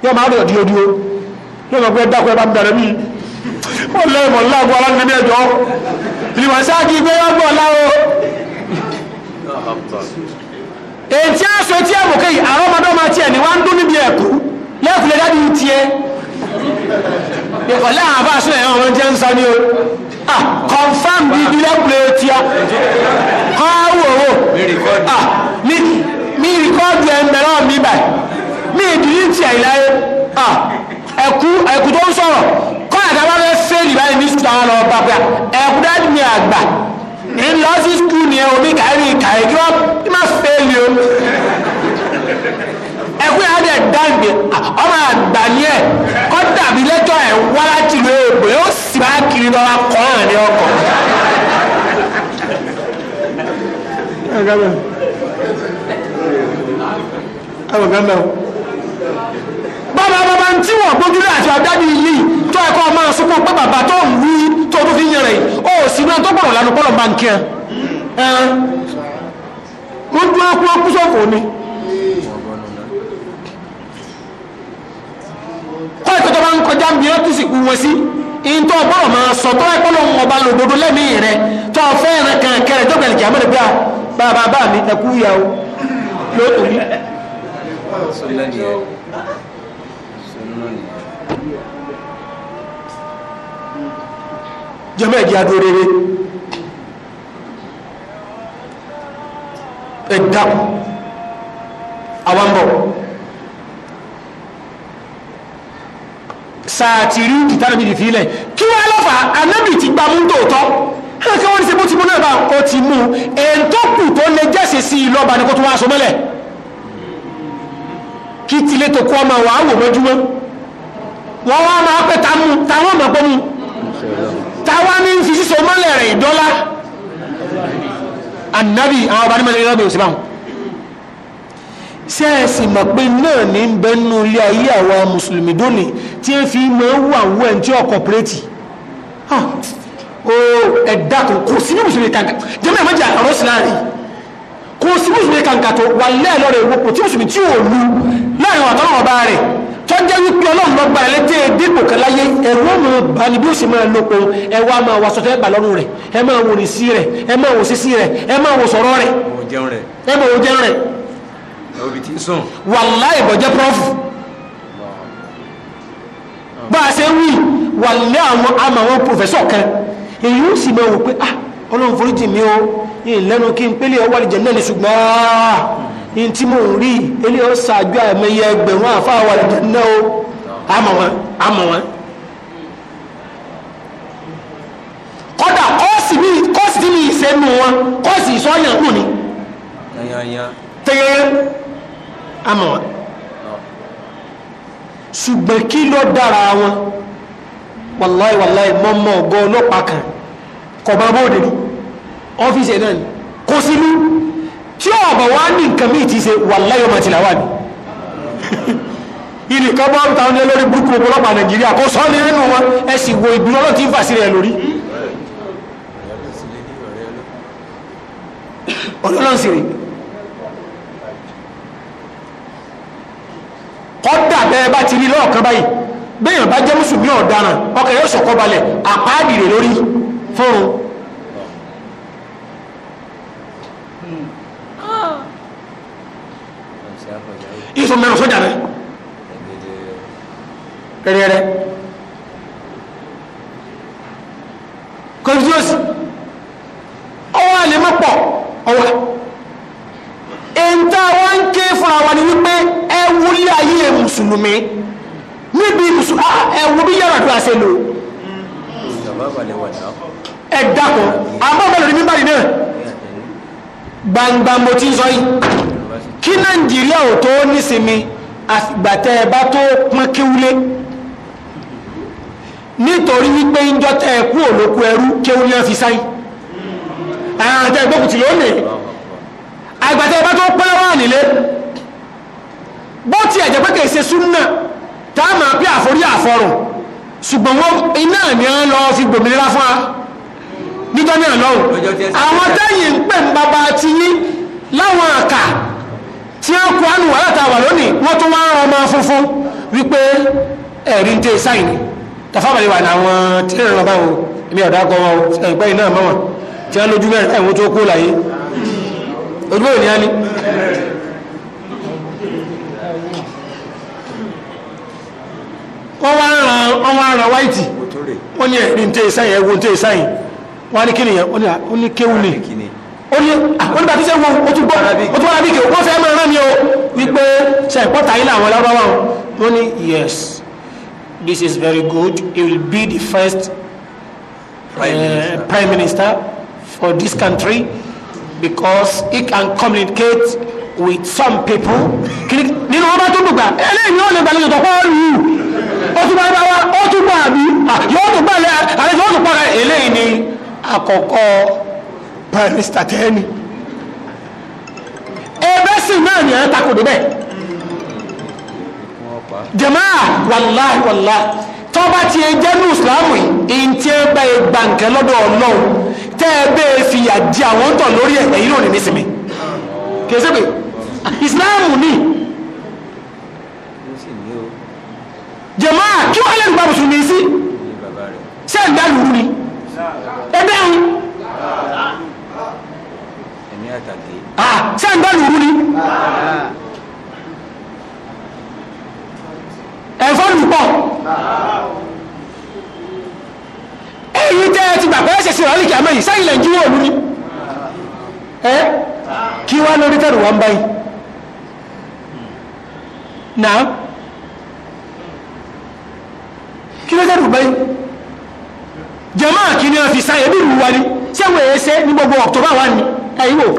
yọ máa bẹ̀rẹ̀ díodí o yọ máa gbé dákọ̀ ẹ bá ń bẹ̀rẹ̀ mí ó lẹ́mọ̀ láàbọ̀ aláǹdẹ́bí ẹ̀jọ́ ìlúwọ̀n sáàkì gbé yọ́gbọ̀ láwo èyí tí a sọ tí a mọ̀ kéyì àrọ́mọdọ́mọ tiẹ̀ ni wọ́n á ń dún níbi ẹ̀kú lẹ́kùlẹ̀ dájú tiẹ̀ ọ̀lẹ́ àwọn bá aṣọ ẹ̀yàn ọ̀rọ̀ jẹ́ ń sọ ní o confam di ilé kúlẹ̀ tí a kọ́ wò wò mi rìkọ́dù ẹ̀ ń bẹ̀rẹ̀ mi báyìí mi ìdílé tí a ìláyé ẹ̀kú ẹ̀kú tó ń sọ̀rọ̀ kọ́ àgbà bá fẹ́ fẹ́ẹ̀lì báyìí ní sùtà wọn lọ bá pẹ́ ẹ̀kú dájú mi àgbà ńlọ sí skul ni ẹ̀ omi kàrí kàrí kí wọ́n má fẹ́ẹ̀lì o ẹ̀ dáǹgbé ọmọ àgbà ni ẹ̀ kọ́ dàbí lẹ́jọ́ ẹ̀ wá láti lu èèbò yóò sì bá kiri lọ́wọ́ kọ́ hàn ní ọkọ̀. bàbá bàbá tí wọ́n gbójúlé àti àdájú ilé tó ẹ̀kọ́ máa súnmọ́ pé bàbá tó ń wí tó tó fi ń yẹrẹ̀ yìí ó sì náà tó gbọ̀rọ̀ lánàá pọ́lọ̀ máa ń kí ẹ. wọ́n dúró kú ọkú sọ̀fọ̀ ni. ẹ̀kọ́ tó bá ń kọjá mi ó ti sì kú wọn sí ìtọ́ bọ́ọ̀ máa sọ tọ́ ẹ̀kọ́ ló ń wọ ba lòdodo lẹ́mìí rẹ tọ́ fẹ́ẹ̀rẹ̀ kan kẹrẹ dọ́gbẹ̀lì kí amẹ́rẹ̀ gbé a ah, bàbá bá mi ẹ̀kú yà ó lóòótọ́ mi. jẹ́mọ̀ ẹ̀jẹ̀ adó rere ẹ̀dá àwọn bọ̀. sàtìrí ìtànàbí ní fílẹ̀ kí wọ́n lọ́fà anábì ti gba mú tòótọ́ ẹ̀kẹ́ wọ́n ní sẹ́kọ́ ti mú náà bá ó ti mú ẹ̀ń tó kù tó lè jẹ́sẹ̀ sí i lọ́ba ní kó tó wá aṣọ mọ́lẹ̀ kí tilé tó kọ́ ọmọ wa wò mọ́júmọ́ wọ́n wá máa pẹ́ ta mú táwọn ọmọ pẹ́ mú táwa ní fi sísọ mọ́lẹ̀ rẹ̀ dọ́là anábì àwọn ọba ní mọ́lẹ̀ rẹ̀ bẹ̀rẹ̀ sí báwọn ṣé mọ̀ pé náà ní ń bẹ nínú ilé ayé àwa mùsùlùmí dóní tí ẹ fi mọ̀ ń wà wọ ẹni tí ó ẹ̀dá tó kò sí ní mùsùlùmí kankan jẹ́mi àmọ́jà ọ̀rọ̀ sí láàrin kò sí mùsùlùmí kankan tó wà lẹ́ẹ̀lọ́ rẹ̀ tí mùsùlùmí tí ò lu láàrin rẹ̀ wípé ọlọ́run lọ gba dípò bí ó sì ẹ wá máa wà ẹ máa wàláì bọ̀jẹ́ prof bá a ṣe wí wàlẹ́ àwọn àmà àwọn professor kan èyí ó sì máa pé ah ọlọ́run foríjì mi ó ìlẹ́nu kí n pélé ọwọ́ àlejò náà ní ṣùgbọ́n in ah, tí mo rí ilé ó ṣàjọ àmẹyẹ ẹgbẹ̀rún àfáà wà lẹ́jọ́ náà ó àmọ̀ wọn tẹ́yẹ́yẹ́ àmọ́ wọn ṣùgbọ́n kí ló dára wọn wàláì wàláì mọ́mọ́ ọ̀gọ́ ọlọ́pàá kan kọ̀bá bóde ní ọ́fíìsì ẹ̀ náà ni kó sínú tí ọ̀bà wá ní nǹkan míì ti ṣe wàláì ọmọ tìlà wà ní ilé kan bá ń ta ọ́nà lórí burúkú ọlọ́pàá nàìjíríà kó sọ́ ní ẹnu wọn ẹ sì wo ìbínú ọlọ́tí ń fà sílẹ̀ lórí ọlọ́lọ́sìn rèé kọ́dà bẹ́ẹ̀ bá ti rí lọ́ọ̀kan báyìí bẹ́yàn bá jẹ́ mùsùlùmí ọ̀daràn ọkẹ̀ yóò sọ̀kọ́ balẹ̀ àpáàdìrè lórí fún un ìsọmọ̀rọ̀ sójà rẹ̀ rẹ̀ rẹ̀ mùsùlùmí níbi mùsùlùmí ah, ẹ̀wù bí yàrá tó a ṣe lò ẹ dàpọ̀ àmọ́ bẹ́ẹ̀ lórí mímbàdì náà gbangba mo ti sọ yìí kí nàìjíríà ò tó nísinmi àgbàtẹ́ ẹ bá tó pọ́n kéwúlé nítorí wípé ń jọ tẹ́ ẹ kú òlòkú ẹrú kéwúlé ẹ fi sáyìn àwọn àtẹ ìgbókùtì lónìí àgbàtẹ́ ẹ bá tó pọ́n wà nílé bó ti ẹ̀jẹ̀ pé kèsè súnà tá a máa bí àforí àfọrùn ṣùgbọ́n wọn iná ni a lọ fi gbòmìnira fún wa níjọ́ náà lọ́wọ́ àwọn tẹ́yìn ń pè ń bàbá ti yí láwọn àkà tí a kó àánú wàhálà tá a wà lónìí wọ́n tún wá ń rán ọmọ funfun wípé ẹ̀rí ń tẹ sáìnì tàfàbàlẹ̀ wà láwọn tí ń rán ọba wọn èmi ọ̀dà kọ́ wọn ẹ̀gbẹ́ iná mọ́ wọn tí a lójú mẹ́rin ẹ̀wọ̀n tó kú láyé ojú mẹ́rin ni a ní. wọ́n wá ara wáìtì wọ́n ní ẹ̀rí ntẹ́ ìsáyìn ẹ̀wọ̀ ntẹ́ ìsáyìn wọ́n á ní kíni yẹn wọ́n ní kéwù ni ó ní onígbà ah, tí sẹ́wọ́n o tún gbọ́ o tún wá bí kéwù wọ́n fẹ́ máa rán mi o wípé sẹ́yìn pọ́tà yìí làwọn lábáwá o wọ́n ní yes this is very good he will be the first prime eh, minister, for this country because he can communicate with some people nínú wọn bá tó gbogbo eléyìí ni wọn lè gbàlejò tó kọ́ ọ́ lù ú ó tún bá wá ó tún gbà àbí yóò tún gbà lẹ àti yóò tún padà eléyìí ni àkọ́kọ́ prime minister tẹ́ni ẹbẹ́ sì náà ni ẹ̀ takò débẹ̀ jamaa wàláhi wàláhi tọ́ba ti ẹ jẹ́ ní ìsìláàmù yìí ntí ẹ bá ẹ gba nǹkan lọ́dọ̀ ọlọ́run tẹ́ ẹ bẹ́ ẹ fìyà jẹ àwọn tọ̀ lórí ẹ̀ ẹ̀yìn ò ní nísìmí kì í sẹ́pẹ̀ ìsìláàmù ni. jàmáà kí wọ́n lẹ́nu gba mùsùlùmí sí ṣé ẹ̀dá lùrù ni ẹ̀dá ń ṣé ẹ̀dá lùrù ni ẹ̀fọ́ lùpọ̀ èyí tẹ́ ẹ ti gbàgbé ẹ̀ṣẹ̀ sí ọ̀rẹ́lì kìámẹ́ yìí sẹ́yìn nàìjíríà òlu ni ẹ kí wọ́n lórí tẹ̀rù wọn báyìí náà kí ló jẹ́ Dubai jamaa kí ni wọ́n fi ìlú wa ni sẹ́wọ̀n èyí ṣe ní gbogbo October wa ni ẹ̀yìn wò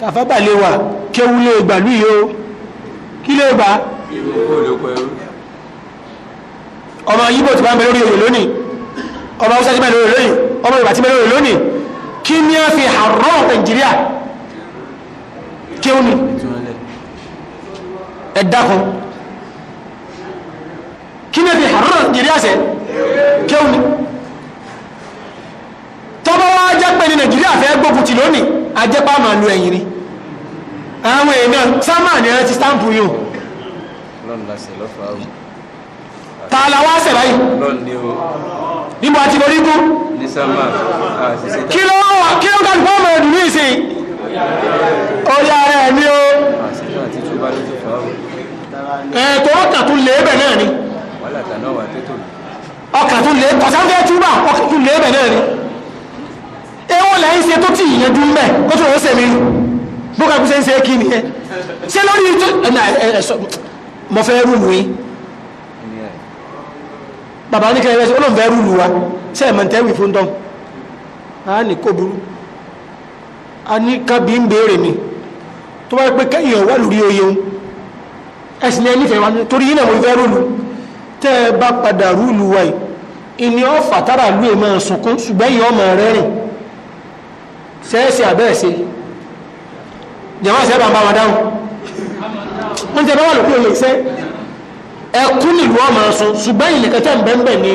kàfábàlẹ̀ wà kéwu lè e gbà lú yìí o kí lè gbà ọmọ yíbò ti bá ń bẹ lórí oyè lónìí ọmọ Hausa ti bẹ lórí lónìí ọmọ Yorùbá ti bẹ lórí lónìí kí ni wọ́n àrọ́ Nàìjíríà kéwu ni ẹ̀dá kí ni ebi haruna nàìjíríà sẹ kéwù ni tọ́bọ̀ wá jẹ́ pé ní nàìjíríà fẹ́ gbógun ti lónìí ajẹ́pá máa lu ẹ̀yìn ni àwọn èèyàn sámà ní ẹ ti stampu yìí o tààlà wá sẹ̀ báyìí níbo àti borí kú kí ló wà kí ló dàgbà ọmọ ẹ̀dùn ní ìsìn orí ara ẹ̀ ní o ẹ̀ẹ́dọ́ kàtún lè bẹ̀ náà ni ọkà tún lè kọ̀sáfẹ́ túbà ọkà tún lè bẹ̀ náà ni ewu lẹ́yìn ṣe tó ti ìyẹn dún bẹ́ẹ̀ kó tó rọ́ sẹ́mi bókà kú ṣe ń ṣe kí ni ẹ ṣé lórí tó mọ̀ fẹ́ rúlu yín bàbá ní kẹrẹ olóhùn fẹ́ rúlu wa ṣe é mọ̀tẹ́ fún tán a ní kó burú a ní kábí ń béèrè mi tó bá yẹ pé kẹ́yìn ọ̀wá lórí oyè òun ẹ̀sìn ní ẹni wa torí yín náà mo fẹ́ rúlu tẹ́ ẹ bá padà rúùlù wáyé ìní ọ̀fà tára lú èmọ́ sunkún ṣùgbẹ́ yìí ọmọ rẹ́rìn sẹ́ẹ̀sẹ̀ àbẹ́ẹ̀sẹ̀ jẹ́wọ́n sẹ́ bá ń bá wọn dáhùn wọ́n jẹ́ bá wà lókè olè sẹ́ ẹkún nílùú ọmọ sun ṣùgbẹ́ yìí nìkan tẹ́ ń bẹ́ẹ̀ ní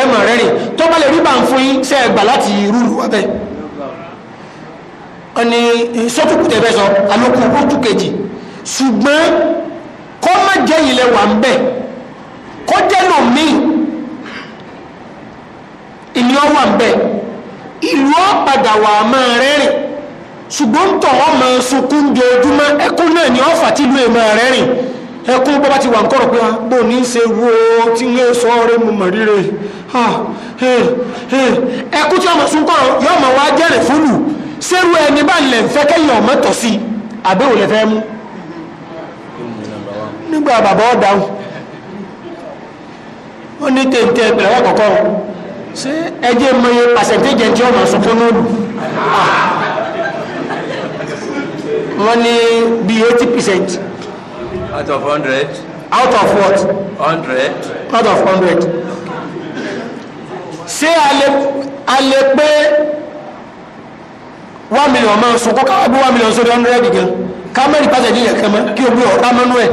ẹmọ rẹ́rìn tó bá lè rí bá ń fún yín sẹ́ gbà láti rúùlù wá bẹ́ẹ̀ ọni sọ́tùkù bẹ́ẹ̀ sọ alókùn ojú ṣùgbọ́n kọ́ má jẹ́ ilẹ̀ wà ń bẹ́ẹ̀ kọjá lò mí ìní ọwà ń ìlú ọ̀padà wà máa rẹ́rìn ṣùgbọ́n tọ̀ ọ́ máa sunkún dojúmọ́ ẹkún náà ni ọ̀fà tí ẹ̀ máa rẹ́rìn ẹkún bọ́bá ti wà ń kọ̀rọ̀ pé ah, bó ní í ṣe wo tí ń sọ mu mọ̀ ah, eh, eh. ẹkún tí ọmọ ó ní téńté ẹgbẹ̀rẹ̀ wọ́n kọ̀kọ́ ṣé ẹjẹ́ mọye pàṣẹjẹjẹ tí ọ̀nà sunkún lóòlù ah. wọ́n ní bí eighty percent. out of hundred. out of what. hundred. out of hundred. ṣé a lè pé one million máa sunkún káwá bí one million sórí hundred gan ká mẹ́rin pàṣẹjẹjẹ kan mọ́ kí o bí ọ̀ká mọ́nú ẹ̀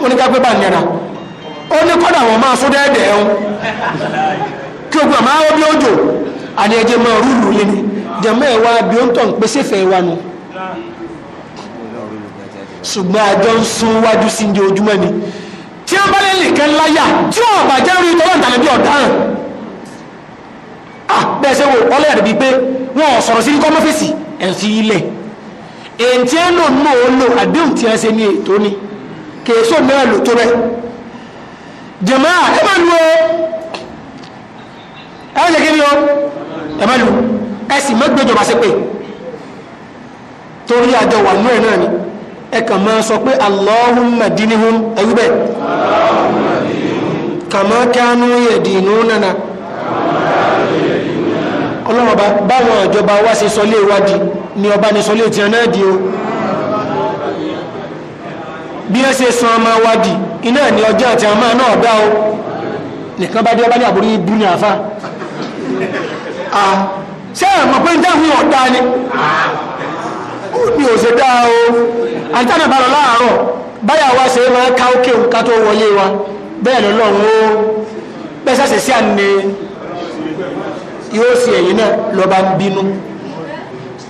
wọ́n ní ká gbé bá nira ó ní kọ́dà wọn máa sún dẹ́ẹ̀dẹ̀ ẹ̀hún kí ogun àmọ́ àwọn bí ó jò àní ẹjẹ máa rúlù lé ní jẹ̀mọ́ ẹ̀ wá bí ó ń tọ̀ ń pèsè fẹ́ wa nu ṣùgbọ́n àjọ ń sún wájú sí ní ojúmọ́ ni tí wọ́n bá lè nìkan láyà tí wọ́n bá jẹ́ rí tọ́lọ́ ìtàlẹ́bí ọ̀daràn bẹ́ẹ̀ ṣe wo ọlọ́yà dẹ̀bi pé wọ́n sọ̀rọ̀ sí ní kọ́mọ́fíìsì ẹ̀ sí ilẹ̀ èyí tí ẹ̀ lò ń lò lò àdéhùn tí ẹ̀ ṣe ní ètò ni kèso mẹ́rin lò tó bẹ́ẹ̀ jamaa emelu o o n'elekere o emelu e si megbejoba si pe tori ajo wa nue naani e kama so pe alohun madinihun eyube kama nke anu yedi inu nana olawoba bawon ejo ba wasi sole wadi ni oba ni sole jiranadi o bi e si sona ma wadi iná ni ọjọ́ àti àmọ́ náà gbá o nìkan bá dé ọba ní àbúrú ibú ní àfa ṣé àmọ́ pé ní táwọn yóò ni ó ní ò ṣe o àtàwọn àbálọ láàárọ̀ báyà wá ṣe máa ká òkè òǹkà tó wọlé wa bẹ́ẹ̀ lọ́lọ́run o bẹ́ẹ̀ ṣàṣẹ̀ sí àná yóò ṣe ẹ̀yìn náà lọ́ba ń bínú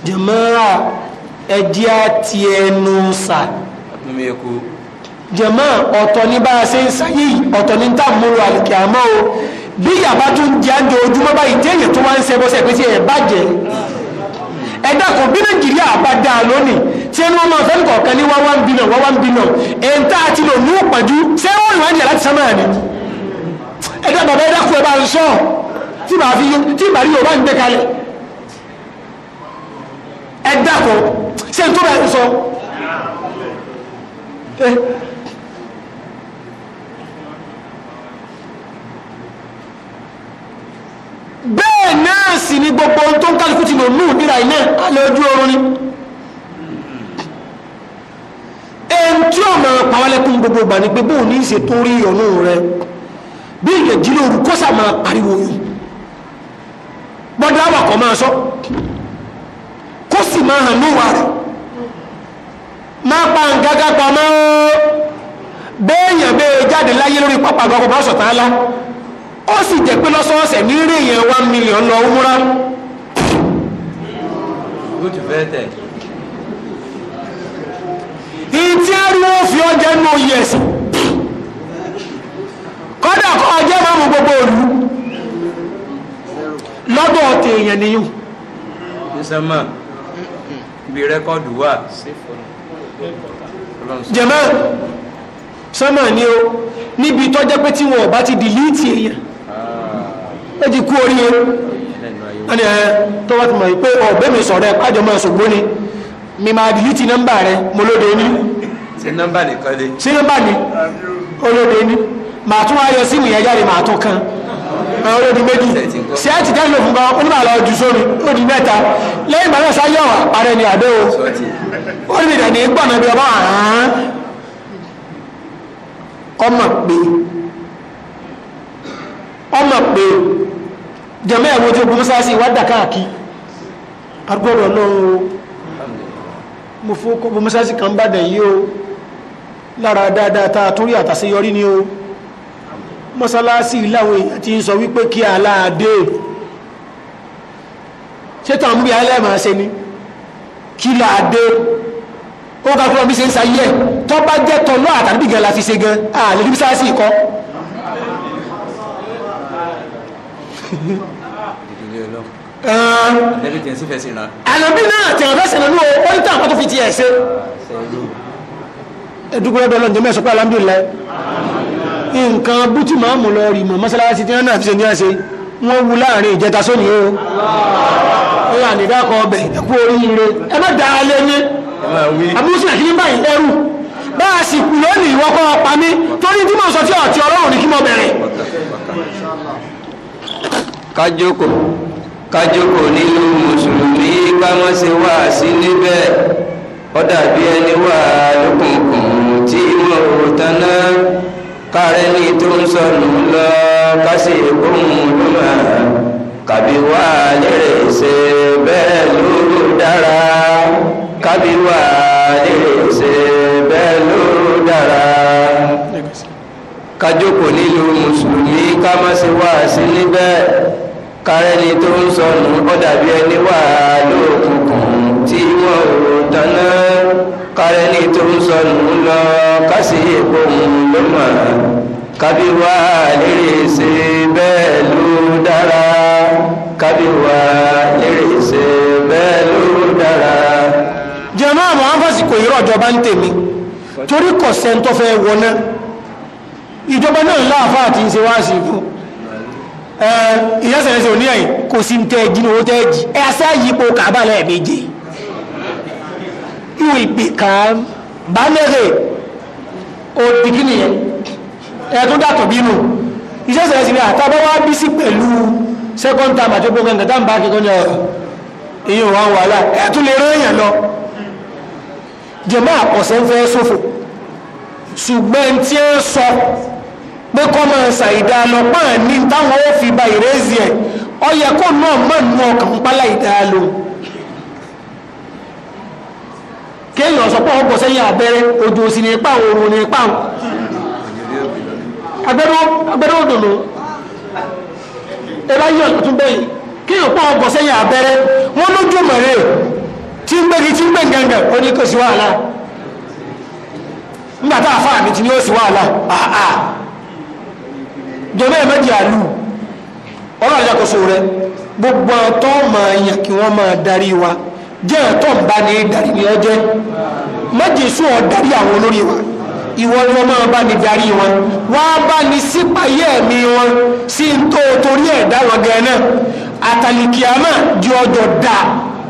jẹ̀mọ́ra ẹ̀dí àti ẹnu sà. mi ò jẹ̀mọ́ ọ̀tọ̀ ní bá a ṣe ń sáyé ọ̀tọ̀ ní tá múlò àlìkè àmọ́ o bí yàbá tó ń jẹ́ àjò ojúmọ́ báyìí tí èyí tó wá ń ṣe bọ́sẹ̀ pé tí ẹ̀ bàjẹ́ ẹ̀dá kan bí nàìjíríà bá dáa lónìí tí ẹnu ọmọ ọ̀fẹ́ kọ̀ọ̀kan ní wáwá ń bínà wáwá ń bínà ẹ̀ńtà àti lò ní òpàdú sẹ́wọ́n ìwà ìyà láti sámà ni ẹ̀dá bàbá ẹ̀dá kú ẹ bá ń sọ tí bàá fi tí bàá rí yorùbá ń gbé kalẹ̀ ẹ̀dá kan ṣé n tó bá ń sọ. Eh, bẹ́ẹ̀ náà sì ni gbogbo ohun tó ń kálukú ti lò lù níra iná alẹ́ ojú oorun ni ẹn tí ó máa pàwálẹ́kùn gbogbo ìgbà ni pé bóun ní í ṣe tó rí ọ̀nà rẹ bí ìyẹ̀jì lóru kọ́sà máa pariwo yìí bọ́dá àwàkọ̀ máa sọ kó sì máa hàn níwà rẹ̀ máa pa nǹkan kápá máa bẹ́ẹ̀yàn bẹ́ẹ̀ jáde láyé lórí pápá àgbàkọ̀ bá sọ̀tàn á lá. ó sì jẹ́ pé lọ́sọ̀ọ̀sẹ̀ ní rí èèyàn one million lọ múra. ìtí ariwo fi ọjà nù oyè ẹ̀sìn kọ́dà kọ́ máa mú gbogbo òlu lọ́dọ̀ ọ̀tẹ̀ èèyàn nìyẹn. sísẹ́mà ibi rẹ́kọ́dù wà jẹ̀mọ́ sọ́mà ni o níbi pé tí wọn ò bá ti ẹ ti kú oríire wọ́n ni ẹ tó ti mọ̀ pé ọ̀bẹ́ mi sọ̀rọ̀ ẹ pàjọ́ mi máa dìlí ti nọ́mbà rẹ mo lóde ní. ṣé nọ́mbà nìkan ni. ṣé nọ́mbà ni ní màá tún ayọ símù yẹn jáde màá tún kan olódi méjì ṣé ẹ ti kan ju mẹ́ta lẹ́yìn ìgbà náà ni àdó o ní gbọ̀nà bí àhán ọmọ pé ọmọ pé jẹmọ́ ẹ̀wọ́ tí ogun mọ́sáàsì wá dà káàkì agbọ́dọ̀ lọ́run o mo fún kọ́ mọ́sáàsì kan bá dẹ̀ yìí o lára dáadáa ta torí àtàṣeyọrí ni o mọ́sáàsì láwọn èèyàn ti ń sọ wípé kí aláàdé ṣé tàn mú bí alẹ́ ṣe ni kí láàdé ó kà fún ọmọ bí ṣe ń sayé ẹ̀ tọ́ bá jẹ́ tọ́lọ́ àtàríbìgàn la fi ṣe gan àlè ní mọ́sáàsì kọ́ ànábì tí ń sì fẹsẹ̀ náà. ànábì náà tí wọ́n fẹsẹ̀ náà ló ó ní tàn kó tó fi tiẹ̀ ṣe. ẹdúgbọ́n dọ́lọ́ ǹjẹ́ mẹ́sàn-án pé alhamdulilayi nǹkan bútí máa mú lọ rí mọ̀ mọ́sálásí tí wọ́n náà fi ṣe ní ẹ̀ṣẹ̀ wọ́n wu láàrin ìjẹta sóni o. ó yà ní dákọ̀ ọbẹ̀ ẹ̀kú oríire ẹ má da alẹ́ ní. àbúrúsí àkíní báyìí ẹrù bá a sì kú lónìí ìwọ́kọ́ ọ̀pá mi torí tí mo sọ tí ọ̀tí ọlọ́run ní kí mo bẹ̀rẹ̀ kájókò kájókò nínú mùsùlùmí ká má ṣe wá sí níbẹ̀ ó dàbí ẹni wà lókùnkùn tí wọn ò tanná kárẹ́ ní tó ń sọnù lọ ká gbóhùn ló kàbí wà lérè ṣe bẹ́ẹ̀ ló dára kábí wà lérè. kájókòó nílùú mùsùlùmí ká má ṣe wá sí níbẹ̀ kárẹ́ni tó ń sọnù ó dàbí ẹni wà lóòkùnkùn tí wọ́n ò dáná kárẹ́ni tó ń sọnù lọ kásì ìpohùn ló mọ̀ kábí wá lérè ṣe bẹ́ẹ̀ ló dára kábí wá lérè ṣe bẹ́ẹ̀ ló dára. jẹ́ máa mọ̀ á fásitì kò yọrọ̀ ìjọba ń tèmi torí kọ̀sẹ̀ ń fẹ́ wọná ìjọba náà láàfá àti ìṣe wá sí fún ìyásẹ̀lẹsẹ̀ òní ẹ̀yìn kò sí ń tẹ́ jí ní owó tẹ́ jí ẹ asẹ́ yípo kàbà lẹ́ẹ̀méje ìwò ìpè kàn bá mẹ́rẹ̀ òbí kí nìyẹn ẹ̀ tó dàtọ̀ bínú ìṣẹ́sẹ̀lẹsẹ̀ ní àtàbọ̀ wá bí sí pẹ̀lú second time àti gbogbo ẹ̀ǹkà táǹbà kíkọ́ ní ọ̀rọ̀ ìyẹn wà wà láà ẹ̀ tún lè rẹ́yìn lọ jẹ̀mọ́ àkọ̀sẹ́ ń fẹ́ sófò ṣùgbọ́n tí sọ pé kọ́ máa ṣàìdá lọ́pọ̀ ní táwọn ó fi ba ìrẹ́sì ẹ̀ ọ yẹ kó náà mọ̀ nù ọkàn pálá ìdá kéèyàn sọ pé sẹ́yìn abẹ́rẹ́ odò sí ní ipa òru ní ipa abẹ́rẹ́ odò lò ẹ̀rọ ayé ọ̀tún bẹ́yìn kéèyàn pọ̀ sẹ́yìn abẹ́rẹ́ lójú mọ̀rẹ́ tí nígbàtá àfáà mi ti ní ó sì wàhálà àà jọba ẹ̀mẹ́jì àlù ọ̀rọ̀ àjàkóso rẹ gbogbo ọ̀tọ́ máa yàn kí wọ́n máa darí wa jẹ́ ọ̀tọ́ ń bá ní darí ni ọ jẹ́ méjì sún ọ darí àwọn olórí wa ìwọ ni wọ́n máa bá ní darí wọn wá bá ní sípayé ẹ̀mí wọn sí ń tó torí ẹ̀dá wọn gan náà àtàlìkìámà ọjọ́ dáa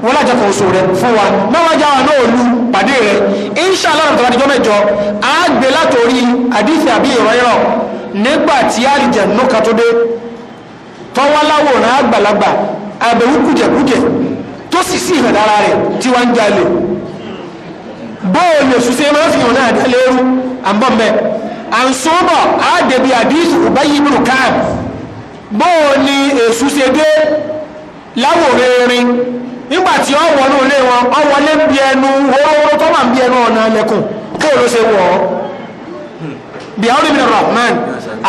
wọ́n lájọ kan oṣù rẹ̀ fún wa mọ́wájá wa náà lu pàdé rẹ̀ inṣàlá ọ̀rọ̀ tọ́lájọ́ mẹ́jọ á gbé látòrí àdìsí àbí ìrọ̀yọ̀ nígbà tí àlìjẹ̀ nù kan tó dé tọ́wọ́láwòrán àgbàlagbà àbẹ̀wò kùjẹ̀kùjẹ̀ tó sì sí ìhàn dára rẹ̀ tí wọ́n ń jalè bóòlù òṣìṣẹ́ máa fi hàn náà dá lérú àbọ̀mẹ́ àǹsọ́bọ̀ àdèbí àdìsí Ubayy ibn Ka'b bóòlù èṣù ṣe dé láwòrán erin nígbàtí ọ wọnú ilé wọn ọ wọlé ń bí ẹnu wọ́wọ́ tó wà ń bí ẹnu ọ̀nà ẹlẹ́kùn kóò ló ṣe wọ̀ ọ́ bí i ọdún rahman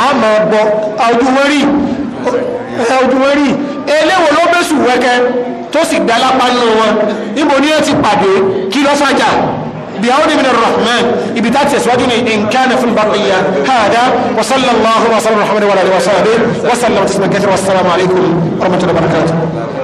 a máa bọ ọdúnwẹ́rì ọdúnwẹ́rì eléwo ló bẹ́sù wẹ́kẹ́ tó sì dá lápá nínú wọn níbo ni ó ti pàdé kí ló fàjà bí i ọdún rahman ibi tá ti ẹ̀sùwájú ní nǹkan fún bàbáyà hàdá wasallallahu wasallam muhammadu wa alayhi wa sallam wasallam tasman kẹsàn wasallam alaikum warahmatullahi wabarakatuh